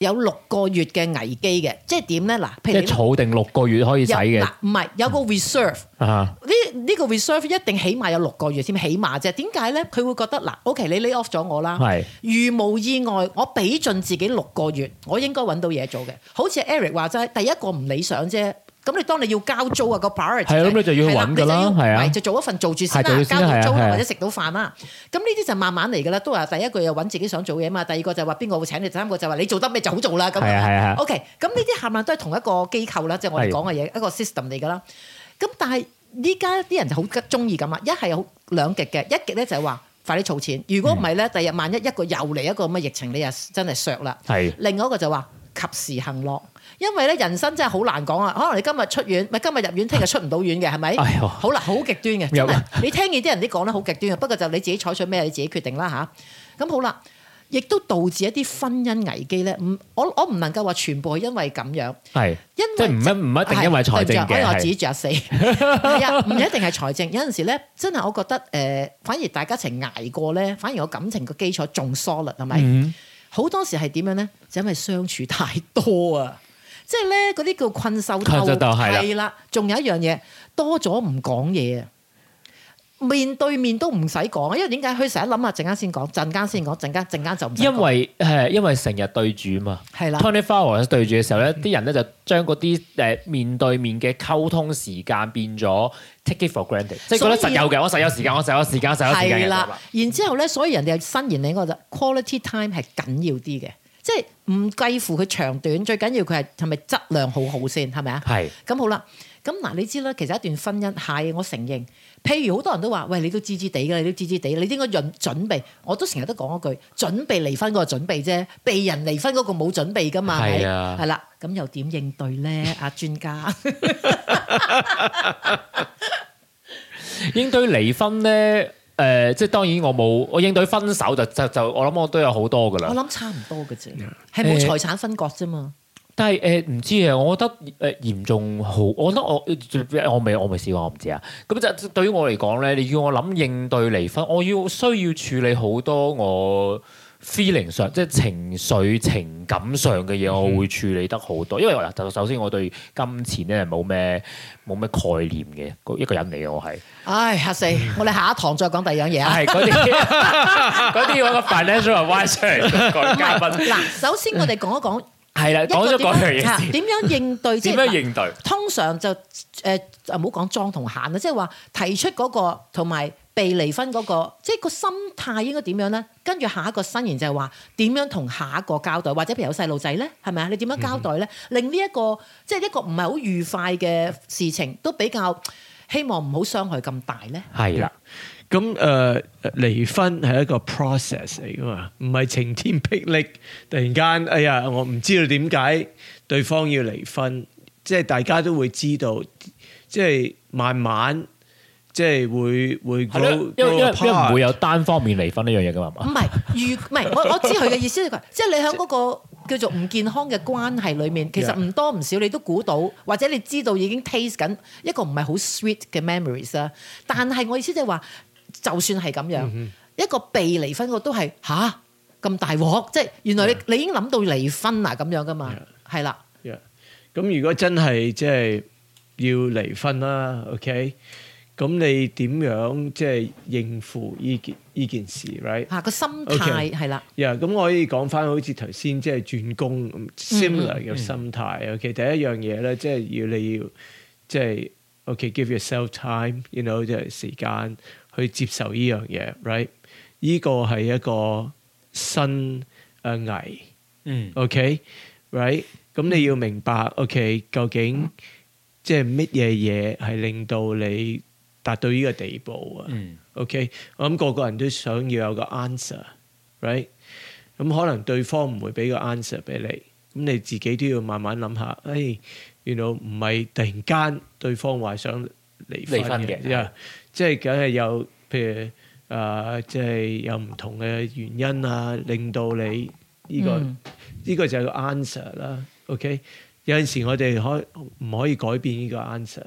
有六個月嘅危機嘅，即係點咧？嗱，譬如你即係儲定六個月可以使嘅，唔係有，有個 reserve、嗯。啊，呢呢個 reserve 一定起碼有六個月先起碼啫。點解咧？佢會覺得嗱，OK，你 lay off 咗我啦。係是，如無意外，我俾盡自己六個月，我應該揾到嘢做嘅。好似 Eric 話齋，第一個唔理想啫。咁你當你要交租啊，個 barage 係咁，你就要揾噶啦，係啊，就做一份做住先啦，交到租或者食到飯啦。咁呢啲就慢慢嚟噶啦。都話第一句又揾自己想做嘢嘛，第二個就話邊個會請你，第三個就話你做得咩就好做啦。係 O K，咁呢啲冚唪都係同一個機構啦，即係我哋講嘅嘢，一個 system 嚟噶啦。咁但係呢家啲人就好中意咁啊！一係好兩極嘅，一極咧就係話快啲儲錢。如果唔係咧，第日萬一一個又嚟一個咁嘅疫情，你又真係削啦。係。另外一個就話及時行樂。因為咧人生真係好難講啊！可能你今日出院，唔係今日入院，聽日出唔到院嘅係咪？好啦，好極端嘅，真係你聽見啲人啲講咧好極端嘅。不過就你自己採取咩你自己決定啦嚇。咁好啦，亦都導致一啲婚姻危機咧。唔，我我唔能夠話全部係因為咁樣，係因為唔一唔一定因為財政嘅。我指住阿四，係啊，唔一定係財政。有陣時咧，真係我覺得誒，反而大家一齊捱過咧，反而個感情個基礎仲疏嘞，係咪？好多時係點樣咧？就因為相處太多啊！即係咧，嗰啲叫困獸鬥，係啦。仲有一樣嘢，多咗唔講嘢啊！面對面都唔使講，因為點解？佢成日諗下，陣間先講，陣間先講，陣間陣間就唔。因為誒，因為成日對住嘛，係啦。24 hours 對住嘅時候咧，啲、嗯、人咧就將嗰啲誒面對面嘅溝通時間變咗 take it for granted，即係覺得實有嘅，我實有時間，我實有時間，我實有時間。啦時間然之後咧，所以人哋又新言你嗰個 quality time 係緊要啲嘅。即係唔計乎佢長短，最緊要佢係係咪質量好好先，係咪啊？係。咁好啦，咁嗱，你知啦，其實一段婚姻係我承認，譬如好多人都話，喂，你都知知地噶，你都知知地，你應該準準備。我都成日都講嗰句，準備離婚嗰個準備啫，被人離婚嗰個冇準備噶嘛，係啊，係啦，咁又點應對咧？阿、啊、專家 應對離婚咧？誒、呃，即係當然我，我冇我應對分手就就就，就，我諗我都有好多噶啦。我諗差唔多嘅啫，係冇 Yeah. 財產分割啫嘛、呃。但係誒，唔、呃、知啊，我覺得誒、呃、嚴重好，我覺得我我未我未試過，我唔知啊。咁就，就對於我嚟講咧，你要我諗應對離婚，我要需要處理好多我。feeling 上即係情緒情感上嘅嘢，我會處理得好多。因為嗱，就首先我對金錢咧冇咩冇咩概念嘅，一個人嚟嘅我係。唉，吓死！ 我哋下一堂再講第二樣嘢啊。係嗰啲啲我嘅 financial advice 嚟嘅嘉賓。唔係，嗱，首先我哋講一講，係啦，講咗嗰樣嘢，點樣應對？點樣應對？通常就誒，唔好講裝同慳啦，即係話提出嗰、嗰個同埋。被離婚嗰個，即係個心態應該點樣呢？跟住下一個新言就係話點樣同下一個交代，或者譬如有細路仔呢，係咪啊？你點樣交代呢？嗯嗯，令呢一個即係一個唔係好愉快嘅事情，都比較希望唔好傷害咁大呢？係啦，咁誒離婚係一個 process 嚟噶嘛，唔係晴天霹靂，突然間，哎呀，我唔知道點解對方要離婚，即係大家都會知道，即係慢慢。即係會會、嗰個，因為因為因為唔會有單方面離婚呢樣嘢噶嘛？唔係，如唔係，我我知佢嘅意思即係 你喺嗰個叫做唔健康嘅關係裏面，其實唔多唔少，你都估到，或者你知道已經 taste 緊一個唔係好 sweet 嘅 memories 啦。但係我意思即係話，就算係咁樣，嗯、哼一個被離婚個都係吓咁大鑊，即係原來你 Yeah. 你已經諗到離婚啦咁樣噶嘛，係啦 Yeah. 的。咁、yeah. 如果真係即係要離婚啦，OK。咁你點樣即係應付呢件呢件事，right？嗱，個心態係啦。呀，咁我可以講返好似頭先即係轉工咁 similar 嘅心態。OK，第一樣嘢咧，即係要你要即係 OK，give yourself time，you know 即係時間去接受呢樣嘢，right？呢個係一個新誒危，嗯，OK，right？咁你要明白，OK，究竟即係乜嘢嘢係令到你？達到呢個地步啊，嗯，OK，我諗個個人都想要有個 answer，right，咁可能對方唔會俾個 answer 俾你，咁你自己都要慢慢諗下，誒，原來唔係突然間對方話想離婚嘅，即係梗係有，譬如誒即係有唔同嘅原因啊，令到你呢個呢個就係個 answer 啦，OK，有陣時我哋可唔可以改變呢個 answer？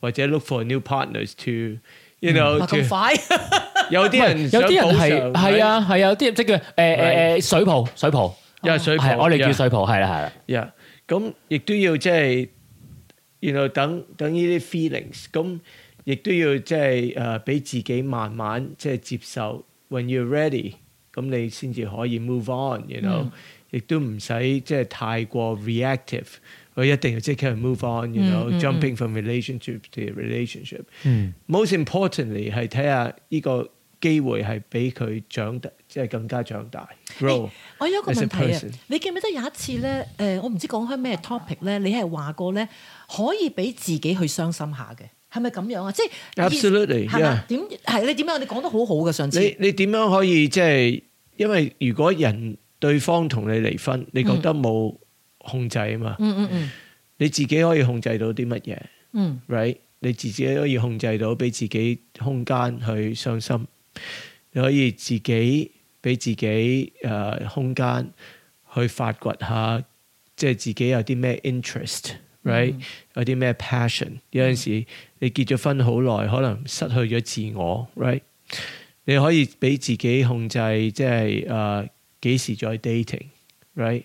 或者 look for new partners to，you know，有啲人有啲人係係啊，係有啲即係誒誒誒水泡水泡，因為水泡我哋叫水泡，係啦係啦。yeah，咁亦都要即係然後等等呢啲 feelings，咁亦都要即係誒俾自己慢慢即係接受。When you're ready，咁你先至可以 move on。you know，亦都唔使即係太過 reactive。我一定要即刻 move on，you know，jumping from relationship to relationship。嗯，most importantly 係睇下呢個機會係俾佢長大，即係更加長大。你我有一個問題啊，你記唔記得有一次咧？誒，我唔知講開咩 topic 咧，你係話過咧可以俾自己去傷心下嘅，係咪咁樣啊？即係 absolutely，係嘛？點係你點樣？你講得好好㗎上次。你點樣可以即係？因為如果人對方同你離婚，你覺得冇？控制啊嘛，嗯嗯嗯，你自己可以控制到啲乜嘢，嗯，right，你自己可以控制到俾自己空間去傷心，你可以自己俾自己誒空間去發掘下，即係自己有啲咩 interest，right，嗯嗯，有啲咩 passion，有陣時你結咗婚好耐，可能失去咗自我，right，你可以俾自己控制，即係誒幾時再 dating，right。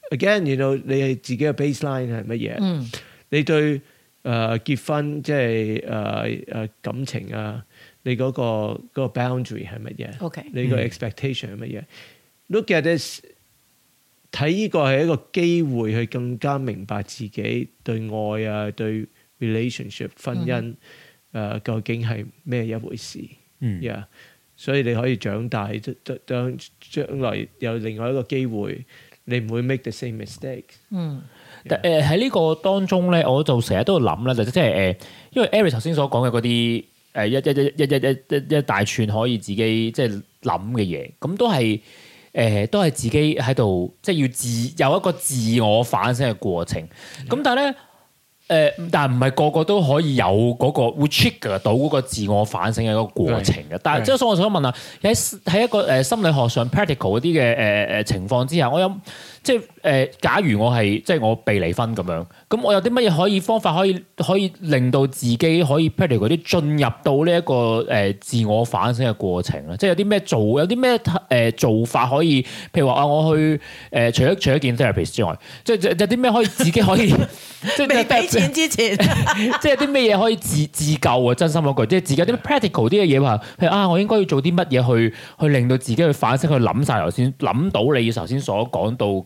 again，you know，你係自己嘅 baseline 係乜嘢？嗯、你對誒、uh, 結婚即係誒誒感情啊，你嗰、嗰個嗰個 boundary 係乜嘢？Okay, 你個 expectation 係乜嘢？Look at this，睇呢個係一個機會去更加明白自己對愛啊、對 relationship、婚姻誒、嗯啊、究竟係咩一回事？Yeah, 嗯，所以你可以長大，將將將來有另外一個機會。你唔會 make the same mistake 嗯，you know？但呃喺呢個當中咧，我就成日都諗啦，就即係誒，因為 Eric 頭先所講嘅嗰啲誒一一一一一一一大串可以自己即係諗嘅嘢，咁都係誒、呃、都係自己喺度，即係要自有一個自我反省嘅過程。咁、嗯、但係呢咧。嗯誒，但係唔係個個都可以有嗰、嗰個會 trigger 到嗰個自我反省嘅一個過程嘅。對 但係即係所以我想問啊，喺喺一個誒心理學上 practical 嗰啲嘅誒誒情況之下，我有。即係誒、呃，假如我係即係我被離婚咁樣，咁我有啲乜嘢可以方法可以可以令到自己可以譬如嗰啲進入到呢一個誒自我反省嘅過程咧？即係有啲咩做，有啲咩誒做法可以，譬如話啊，我去誒、呃、除咗除一件 therapist 之外，即係有啲咩可以自己可以 即係未俾錢之前， 即係有啲咩嘢可以自自救啊？真心嗰句，即係自救啲 practical 啲嘅嘢嘛？譬如啊，我應該要做啲乜嘢去去令到自己去反省去諗晒頭先諗到你頭先所講到。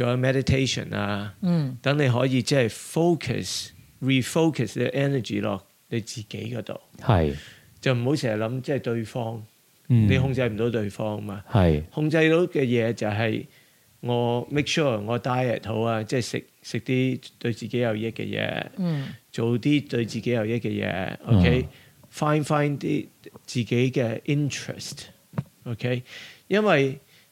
有 Your meditation 啊，嗯，等你可以即係 focus、refocus the energy 落你自己嗰度，係是就唔好成日諗即係對方，嗯、你控制唔到對方嘛，係是控制到嘅嘢就係我 make sure 我 diet 好啊，即係食食啲對自己有益嘅嘢，嗯，做啲對自己有益嘅嘢，ok，find find 啲自己嘅 interest，ok，okay? 因為。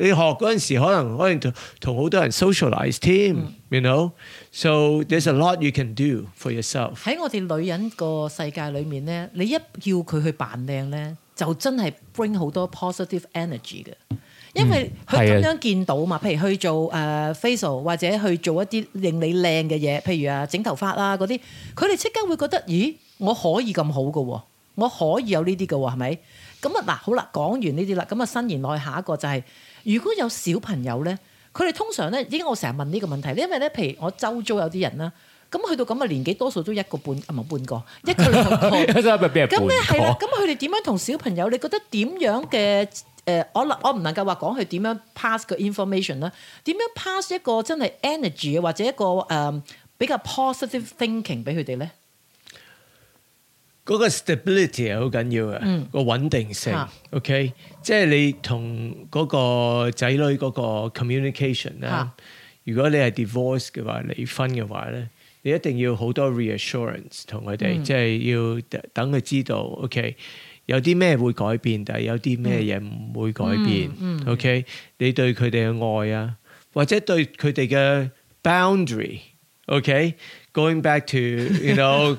你學嗰陣時，可能可能同同好多人 socialize 添，you know，so there's a lot you can do for yourself。喺我哋女人個世界裏面咧，你一叫佢去扮靚咧，就真係 bring 好多 positive energy 嘅，因為佢咁樣見到嘛。譬如去做誒 facial 或者去做一啲令你靚嘅嘢，譬如啊整頭髮啦嗰啲，佢哋即刻會覺得咦我可以咁好㗎喎，我可以有呢啲㗎喎，係咪？咁啊嗱，好啦，講完呢啲啦，咁啊新年內下一個就係。如果有小朋友咧，佢哋通常咧，依家我成日問呢個問題，因為咧，譬如我周遭有啲人啦，咁去到咁嘅年紀，多數都一個半，唔係半個，一個兩個。咁咧係啦，咁佢哋點樣同小朋友？你覺得點樣嘅誒？我能我唔能夠話講佢點樣 pass 個 information 啦？點樣 pass 一個真係 energy 或者一個誒比較 positive thinking 俾佢哋咧？嗰個 stability 係好緊要呀，個穩定性。OK。即係你同嗰個仔女嗰個 communication 咧，如果你係 divorce 嘅話，離婚嘅話咧，你一定要好多 reassurance 同佢哋，即係要等佢知道，OK，有啲咩會改變，但係有啲咩嘢唔會改變。OK，你對佢哋嘅愛啊，或者對佢哋嘅 boundary，OK，going back to you know。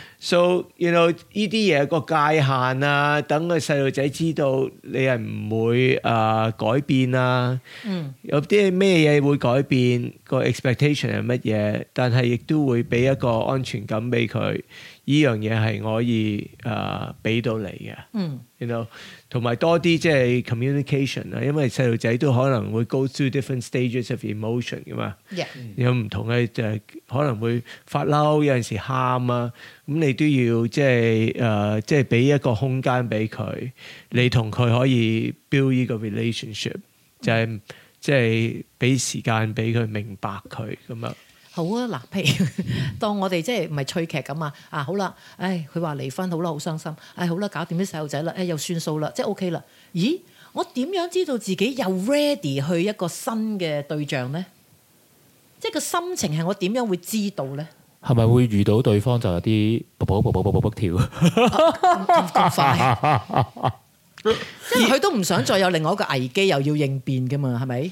So, you know, 呢啲嘢個界限啊，等個細路仔知道你係唔會啊改變啊，有啲咩嘢會改變個 expectation 係乜嘢，但係亦都會俾一個安全感俾佢，依樣嘢係可以啊俾到你嘅，you know。同埋多啲即係 communication 啊，因為細路仔都可能會 go through different stages of emotion 噶嘛，有唔同嘅就係可能會發嬲，有陣時喊啊，咁你都要即係誒，即係俾一個空間俾佢，你同佢可以 build 呢個 relationship，就係即係俾時間俾佢明白佢咁樣。好啊，嗱，譬如當我哋即係唔係趣劇咁啊，啊好啦，唉，佢話離婚好啦，好傷心，唉好啦，搞掂啲細路仔啦，唉又算數啦，即係 OK 啦。咦，我點樣知道自己又 ready 去一個新嘅對象呢？即係個心情係我點樣會知道呢？係咪會遇到對方就有啲勃勃勃勃勃勃勃跳，咁快？即係佢都唔想再有另外一個危機，又要應變㗎嘛，係咪？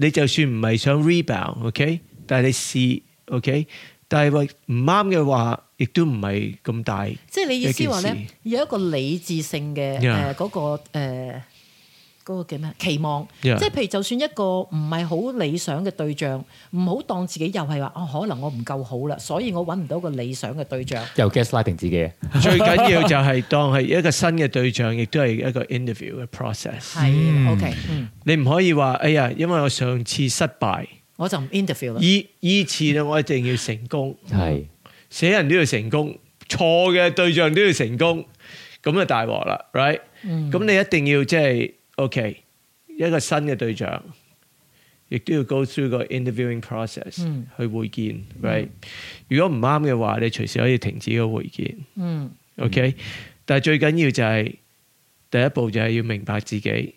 你就算唔係想 rebound，OK，okay？但係你試，OK，但係話唔啱嘅話，亦都唔係咁大。即係你意思話咧，有一個理智性嘅誒嗰個，呃嗰個叫咩？期望，即係譬如，就算一個唔係好理想嘅對象，唔好當自己又係話哦，可能我唔夠好啦，所以我揾唔到個理想嘅對象。又 gaslighting 自己，最緊要就係當係一個新嘅對象，亦都係一個 interview 嘅 process。係，OK，你唔可以話哎呀，因為我上次失敗，我就唔 interview 啦。依依次咧，我一定要成功。係，死人都要成功，錯嘅對象都要成功，咁就大鑊啦，right？咁你一定要即係。OK，一個新嘅對象，亦都要 go through 個 interviewing process 去會見，Right？如果唔啱嘅話，你隨時可以停止個會見。OK，但係最緊要就係第一步就係要明白自己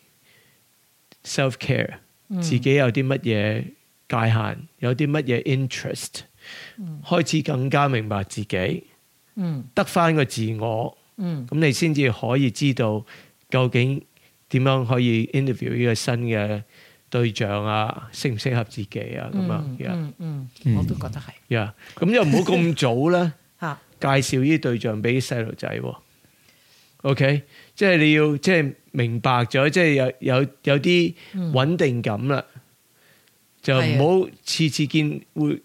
self-care，自己有啲乜嘢界限，有啲乜嘢 interest，開始更加明白自己，得返個自我，咁你先至可以知道究竟。點樣可以 interview 呢個新嘅對象啊？適唔適合自己啊？咁啊，嗯嗯，我都覺得係。呀，咁又唔好咁早啦。嚇，介紹呢啲對象俾細路仔喎。OK，即係你要即係明白咗，即係有有有啲穩定感啦。就唔好次次見會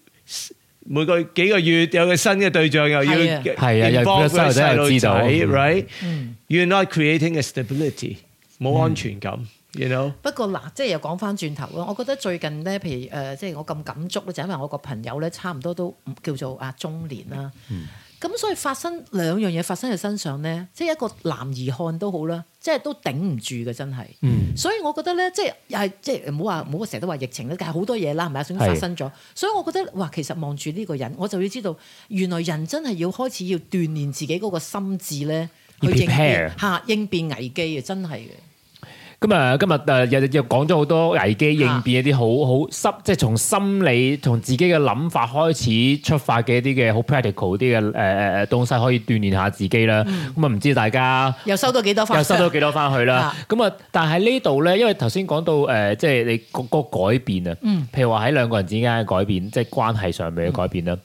每個幾個月有個新嘅對象又要係啊，又俾個細路仔知道，right？You're not creating a stability. 冇安全感，嗯、You know? 不過嗱，即係又講翻轉頭咯。我覺得最近咧，譬如誒、呃，即係我咁感觸咧，就是、因為我個朋友咧，差唔多都叫做啊中年啦。咁、嗯嗯、所以發生兩樣嘢發生喺身上咧，即係一個男兒漢都好啦，即係都頂唔住嘅，真係。嗯、所以我覺得咧，即係又即係唔好話唔好成日都話疫情咧，但係好多嘢啦，係咪啊？發生咗。是所以我覺得哇，其實望住呢個人，我就要知道原來人真係要開始要鍛鍊自己嗰個心智咧，去應變準備 應變，應變危機啊！真係嘅。咁啊，今日誒又又講咗好多危機應變一啲好好濕，即係從心理、從自己嘅諗法開始出發嘅一啲嘅好 practical 啲嘅誒誒誒東西，可以鍛鍊下自己啦。咁啊，唔知大家又收到幾多，又收到幾多翻去啦。咁啊，但係呢度咧，因為頭先講到誒，即係你個個改變啊，嗯，譬如話喺兩個人之間嘅改變，即係關係上面嘅改變啦。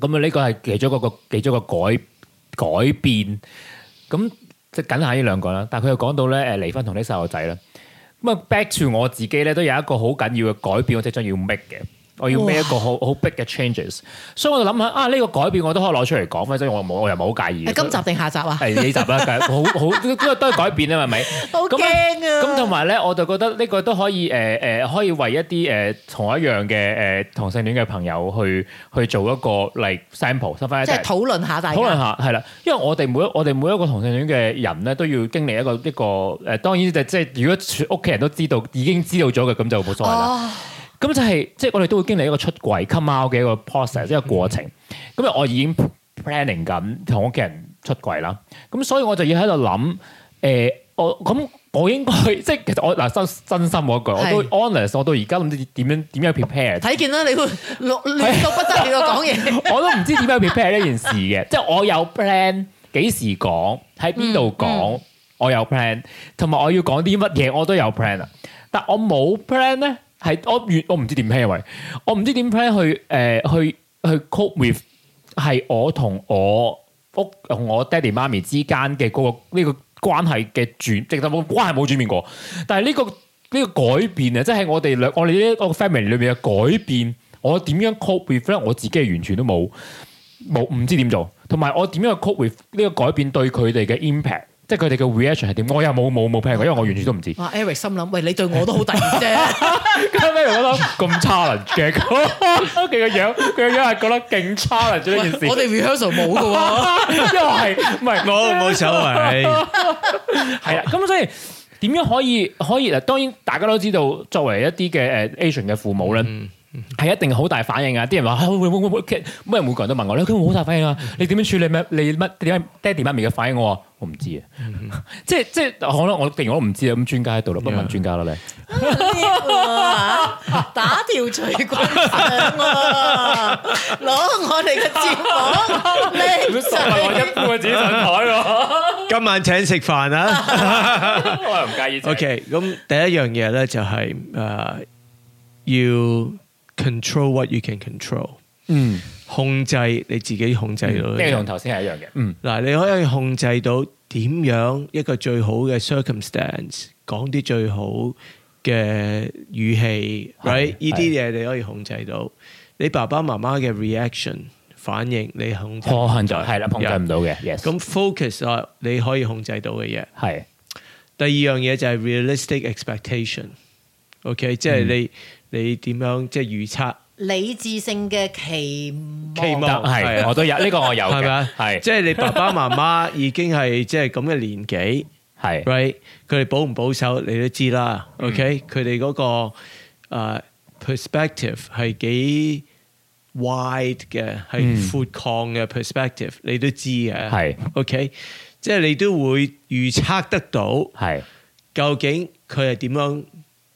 咁啊，呢個係其中一個，其中一個改改變咁。即係僅限呢兩個啦，但係佢又講到咧，誒離婚同啲細路仔啦，咁啊 back to 我自己咧，都有一個好緊要嘅改變，我即將要 make 嘅。我要孭一個好好 big 嘅 changes，所以我就諗下啊呢、呢個改變我都可以攞出嚟講，即係我冇我又冇好介意。係今集定下集啊？係呢集啦，好好 都都改變 是啊，係咪？好驚啊！咁同埋咧，我就覺得呢個都可以誒誒、呃，可以為一啲誒、呃、同一樣嘅誒、呃、同性戀嘅朋友去去做一個例、like, sample，收、就是、一即係討論下，大家討論下係啦。因為我哋每我哋每一個同性戀嘅人咧，都要經歷一個一個誒，當然就即、是、係如果屋企人都知道已經知道咗嘅，咁就冇所謂啦。哦 咁就係、是，即、就、係、是、我哋都會經歷一個出櫃 come out 嘅一個 process，一個過程。咁、嗯、我已經 planning 緊同屋企人出櫃啦。咁所以我就要喺度諗，誒、欸，我咁我應該，即係其實我嗱真真心句是 我句是笑，我都 honest 我到而家諗唔知點樣點樣 prepare。睇見啦，你亂亂到不得了講嘢，我都唔知點樣 prepare 呢件事嘅。即係 我有 plan 幾時講，喺邊度講，嗯嗯、我有 plan，同埋我要講啲乜嘢，我都有 plan 啊。但我冇 plan 咧。係我越我唔知點 plan 為，我唔知點 plan 去，誒、呃、去去 cope with 係我同我屋同我爹哋媽咪之間嘅、嗰個呢、呢個關係嘅轉，直實我關係冇轉變過。但係呢、呢個呢、呢個改變啊，即係我哋兩我哋呢個 family 裏面嘅改變，我點樣 cope with 咧？我自己係完全都冇冇唔知點做，同埋我點樣 cope with 呢個改變對佢哋嘅 impact？即係佢哋嘅 reaction 係點？我又冇冇冇 plan 過，因為我完全都唔知。哇，Eric 心諗：喂，你對我都好突然啫。咁樣我諗咁 challenge 嘅，佢佢個樣，佢個樣係覺得勁 challenge 呢件事。我哋 rehearsal 冇嘅喎，因為係唔係冇冇所謂。係啊，咁所以點樣可以可以啊？當然大家都知道，作為一啲嘅誒 Asian 嘅父母咧，係、嗯、一定好大反應大啊！啲人話：佢會會會，咩每個人都問我咧，佢會好大反應啊？你點樣處理咩？你乜點爹地媽咪嘅反應我。我唔知啊，即係即係可能我定我唔知啊，咁專家喺度啦，不問專家啦咧，打掉錘棍，攞我哋嘅節目，一半嘅上台喎，今晚請食飯啊，我唔介意。OK，咁第一樣嘢咧就係誒要 control what you can control。嗯，控制你自己控制到，呢個同頭先係一樣嘅。嗯，嗱，你可以控制到點樣一個最好嘅 circumstance，講啲最好嘅語氣，right？呢啲嘢你可以控制到。是你爸爸媽媽嘅 reaction 反應，你控制人，控制係啦，控制唔到嘅。yes。咁 focus 啊，你可以控制到嘅嘢係。是第二樣嘢就係 realistic expectation。OK，即係你、嗯、你點樣即係預測？理智性嘅期、期望，係我都有呢、這個我有嘅，係即係你爸爸媽媽已經係即係咁嘅年紀，係 ，right 佢哋保唔保守你都知啦 ，OK 佢哋嗰個誒、uh, perspective 係幾 wide 嘅，係闊曠嘅 perspective 你都知嘅，係 OK 即係你都會預測得到，係究竟佢係點樣？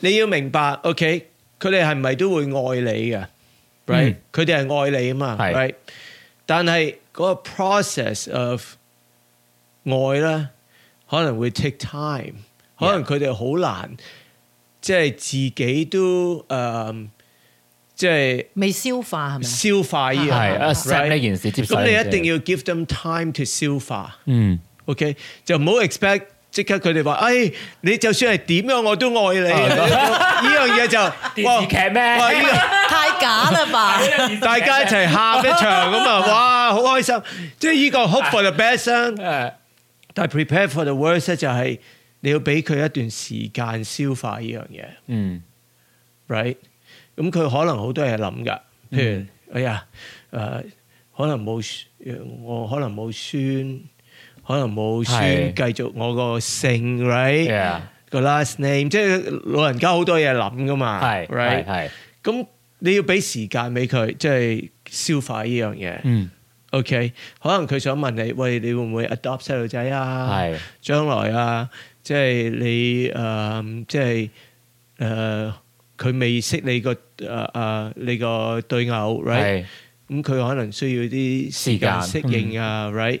你要明白，OK，佢哋係咪都會愛你嘅？Right，佢哋係愛你啊嘛。係，但係嗰個 process of 愛咧，可能會 take time，可能佢哋好難，即係自己都誒，即係未消化係咪？消化呢樣係啊，接受呢件事咁，你一定要 give them time to 消化。嗯，OK，就唔好 expect。即刻佢哋話，哎，你就算係點樣，我都愛你。呢 樣嘢就電視劇咩？哇太假啦嘛， 大家一齊喊一場咁啊， 哇，好開心！即係呢、這個 hope for the best，但係 prepare for the worst 咧，就係、你、要俾佢一段時間消化呢樣嘢。嗯，right，咁佢可能好多嘢諗噶，譬如、嗯、哎呀，誒、呃，可能冇我可能冇孫。可能冇孫繼續我個姓，right？個 last name，即係老人家好多嘢諗噶嘛，right？咁你要俾時間俾佢，即係消化呢樣嘢。嗯，OK。可能佢想問你，喂，你會唔會 adopt 細路仔啊？係將來啊，即係你誒，即係誒，佢未識你個誒誒，你個對偶，right？咁佢可能需要啲時間適應啊，right？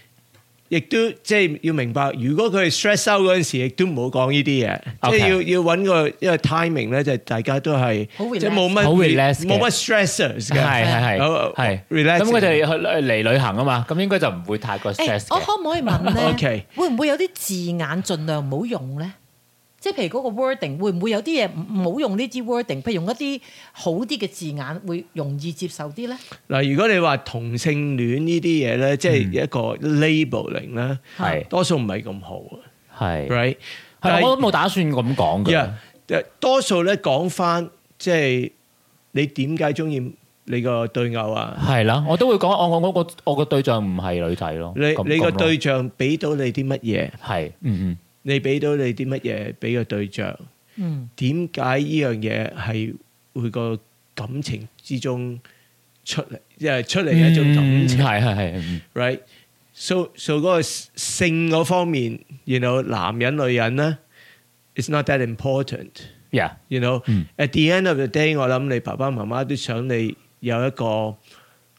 亦都即係要明白，如果佢係 stress out 嗰陣時，亦都唔好講呢啲嘢，即係要要揾個一個 timing 咧，就大家都係即係冇乜冇乜 stress 嘅，係係係，係 relax。咁佢哋去嚟旅行啊嘛，咁應該就唔會太過 stress 嘅。我可唔可以問咧？會唔會有啲字眼儘量唔好用咧？即係譬如嗰個 wording 會唔會有啲嘢唔好用呢啲 wording，譬如用一啲好啲嘅字眼會容易接受啲咧？嗱，如果你話同性戀呢啲嘢咧，即係一個 labeling 咧，多數唔係咁好啊。係，係我都冇打算咁講㗎。多數咧講翻，即係你點解中意你個對偶啊？係啦，我都會講，我我我個我個對象唔係女仔咯。你你個對象俾到你啲乜嘢？係，嗯嗯。你俾到你啲乜嘢俾個對象？嗯，點解呢樣嘢係會個感情之中出嚟？即係出嚟一種感情，係係係，right？So so 嗰個性嗰方面，然後男人女人咧，It's not that important。yeah，you know，at the end of the day，我諗你爸爸媽媽都想你有一個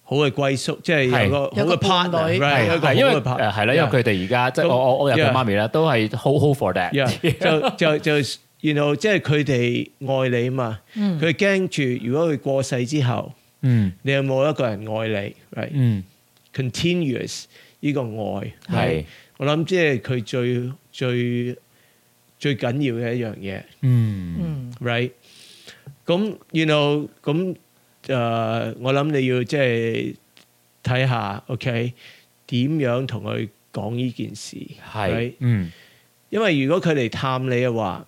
好嘅歸宿，即係有個好嘅 partner，係因為係啦，因為佢哋而家即係我我我有佢媽咪啦，都係好 hope for that。就就就然後即係佢哋愛你嘛，佢驚住如果佢過世之後，你有冇一個人愛你？continuous 呢個愛係我諗，即係佢最最最緊要嘅一樣嘢。嗯，right。咁，然後咁。誒，uh, 我諗你要即係睇下，OK，點樣同佢講呢件事？係，嗯，因為如果佢嚟探你嘅話，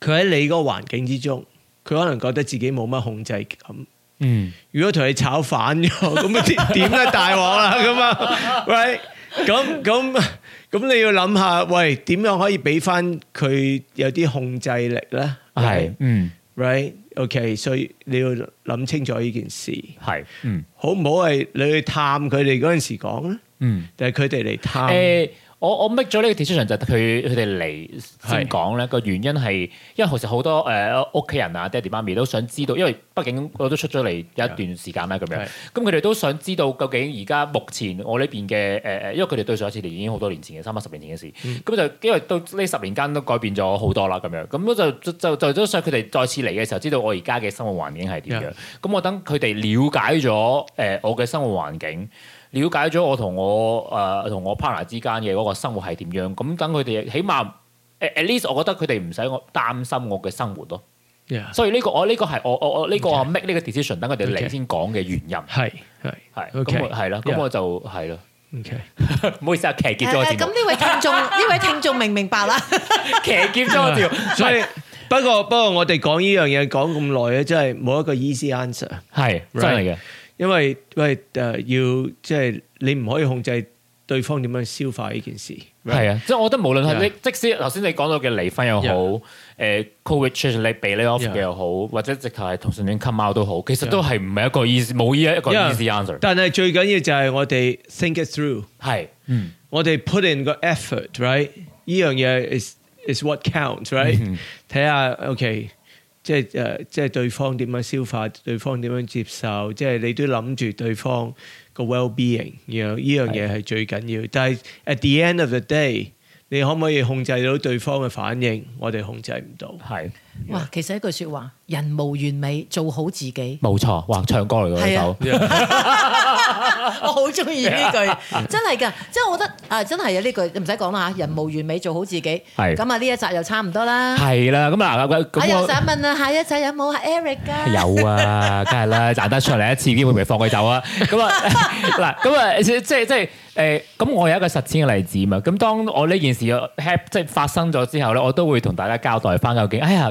佢喺你嗰個環境之中，佢可能覺得自己冇乜控制感。嗯，如果同你炒反咗，咁點點咧大鑊啦咁啊喂，i 咁咁咁，你要諗下，喂，點樣可以俾翻佢有啲控制力咧？係、right? 嗯，嗯，right。OK，所以你要諗清楚呢件事係，嗯，好唔好係你去探佢哋嗰陣時講咧，嗯，定係佢哋嚟探？欸我我擱咗呢個 description 就佢佢哋嚟先講咧，個原因係，是因為其實好多誒屋企人啊、爹哋媽咪都想知道，因為畢竟我都出咗嚟一段時間啦，咁是樣，咁佢哋都想知道究竟而家目前我呢邊嘅誒誒，因為佢哋對上一次嚟已經好多年前嘅三十年前嘅事，咁就、嗯、因為到呢十年間都改變咗好多啦，咁樣，咁我就就就都想佢哋再次嚟嘅時候知道我而家嘅生活環境係點樣，咁是我等佢哋了解咗誒、呃、我嘅生活環境。了解咗我同我誒同我 partner 之間嘅嗰個生活係點樣，咁等佢哋起碼誒 at least，我覺得佢哋唔使我擔心我嘅生活咯。所以呢個我呢個係我我我呢個 make 呢個 decision 等佢哋嚟先講嘅原因係係係咁係啦，咁我就係咯。唔好意思啊，騎劫咗條。咁呢位聽眾，呢位聽眾明唔明白啦，騎劫咗我條。所以不過不過我哋講呢樣嘢講咁耐咧，真係冇一個 easy answer 係真係嘅。因為，喂，誒，要即係你唔可以控制對方點樣消化呢件事。係啊，即係我覺得無論係你，即使頭先你講到嘅離婚又好，誒 coaching 你俾你 off 嘅又好，Yeah. 或者直頭係同性戀出櫃都好，其實都係唔係一個 easy 冇依一個 easy Yeah. answer。但係最緊要就係我哋 think it through。係、嗯，我哋 put in 個 effort，right？依樣嘢 is is what counts，right？睇、mm hmm. 下，ok。即係誒，即係對方點樣消化，對方點樣接受，即係你都諗住對方個 well-being，然後，you know，呢樣嘢係最緊要。的但係 at the end of the day，你可唔可以控制到對方嘅反應？我哋控制唔到。係。哇，其實一句說話，人無完美，做好自己。冇錯，哇，唱歌嚟嘅呢首，我好中意呢句，真係噶，即係我覺得啊，真係啊呢句，唔使講啦吓，人無完美，做好自己。係，咁啊呢一集又差唔多啦。係啦，咁啊嗱，我我又想問啊，下一集有冇阿 Eric 噶？有啊，梗係啦，賺得出嚟一次機會，點會唔會放佢走啊？咁啊嗱，咁啊即係即係誒，咁我有一個實踐嘅例子啊嘛，咁當我呢件事嘅 hap 即係發生咗之後咧，我都會同大家交代翻究竟哎呀。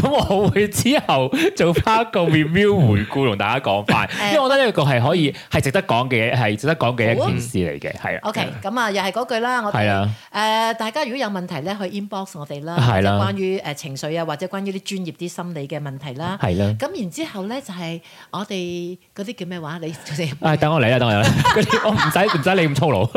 咁我會之後做翻一個 review 回顧，同大家講翻，因為我覺得呢個係可以係值得講嘅，係值得講嘅一件事嚟嘅。係。OK，咁啊，又係嗰句啦，我哋誒大家如果有問題咧，可以 inbox 我哋啦，即係關於誒情緒啊，或者關於啲專業啲心理嘅問題啦。係啦。咁然之後咧，就係我哋嗰啲叫咩話？你你誒等我嚟啊，等我嚟。我唔使唔使你咁粗魯。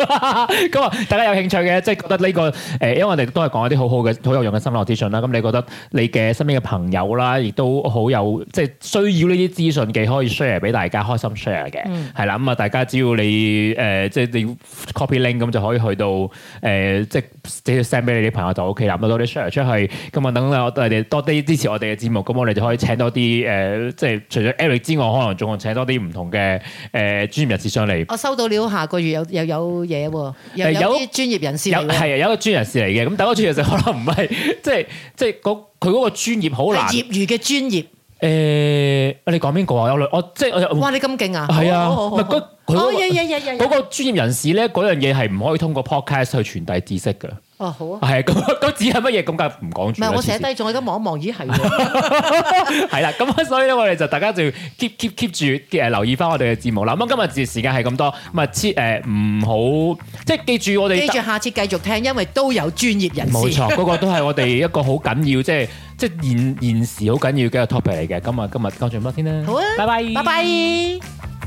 咁啊，大家有興趣嘅，即係覺得呢個誒，因為我哋都係講一啲好好嘅、好有用嘅心理資訊啦。咁你覺得你嘅身邊嘅朋朋友啦，亦都好有即係需要呢啲資訊嘅，可以 share 俾大家，開心 share 嘅，係啦。咁啊，大家只要你誒、呃，即係你要 copy link，咁就可以去到誒、呃，即係 send 俾你啲朋友就 O K 啦。咁多啲 share 出去，咁啊，等我哋多啲支持我哋嘅節目，咁我哋就可以請多啲誒、呃，即係除咗 Eric 之外，可能仲可請多啲唔同嘅誒、呃、專業人士上嚟。我收到了，下個月又又有嘢喎，有啲專業人士嚟。係啊， 有一個專業人士嚟嘅，咁第一個專業就可能唔係，即係即係佢嗰個專業好難，係業餘嘅專業。誒、欸，你講邊個啊？有兩，我即係我。哇！你咁勁啊！係啊好，唔係佢佢嗰個專業人士呢，嗰樣嘢係唔可以通過 Podcast 去傳遞知識嘅。哦，好啊，係啊，咁咁指係乜嘢咁解唔講住？唔係，我寫低仲，我而家望一望，咦，係喎，係啦，咁啊，所以咧，我哋就大家就 keep keep keep 住誒留意翻我哋嘅節目啦。咁啊，今日節目時間係咁多，咪切誒唔好，即係記住我哋記住下次繼續聽，因為都有專業人士，冇錯，嗰個都係我哋一個好緊要，即係即係現現時好緊要嘅一個 topic 嚟嘅。咁啊，今日講完乜先啦？好啊，拜拜，拜拜。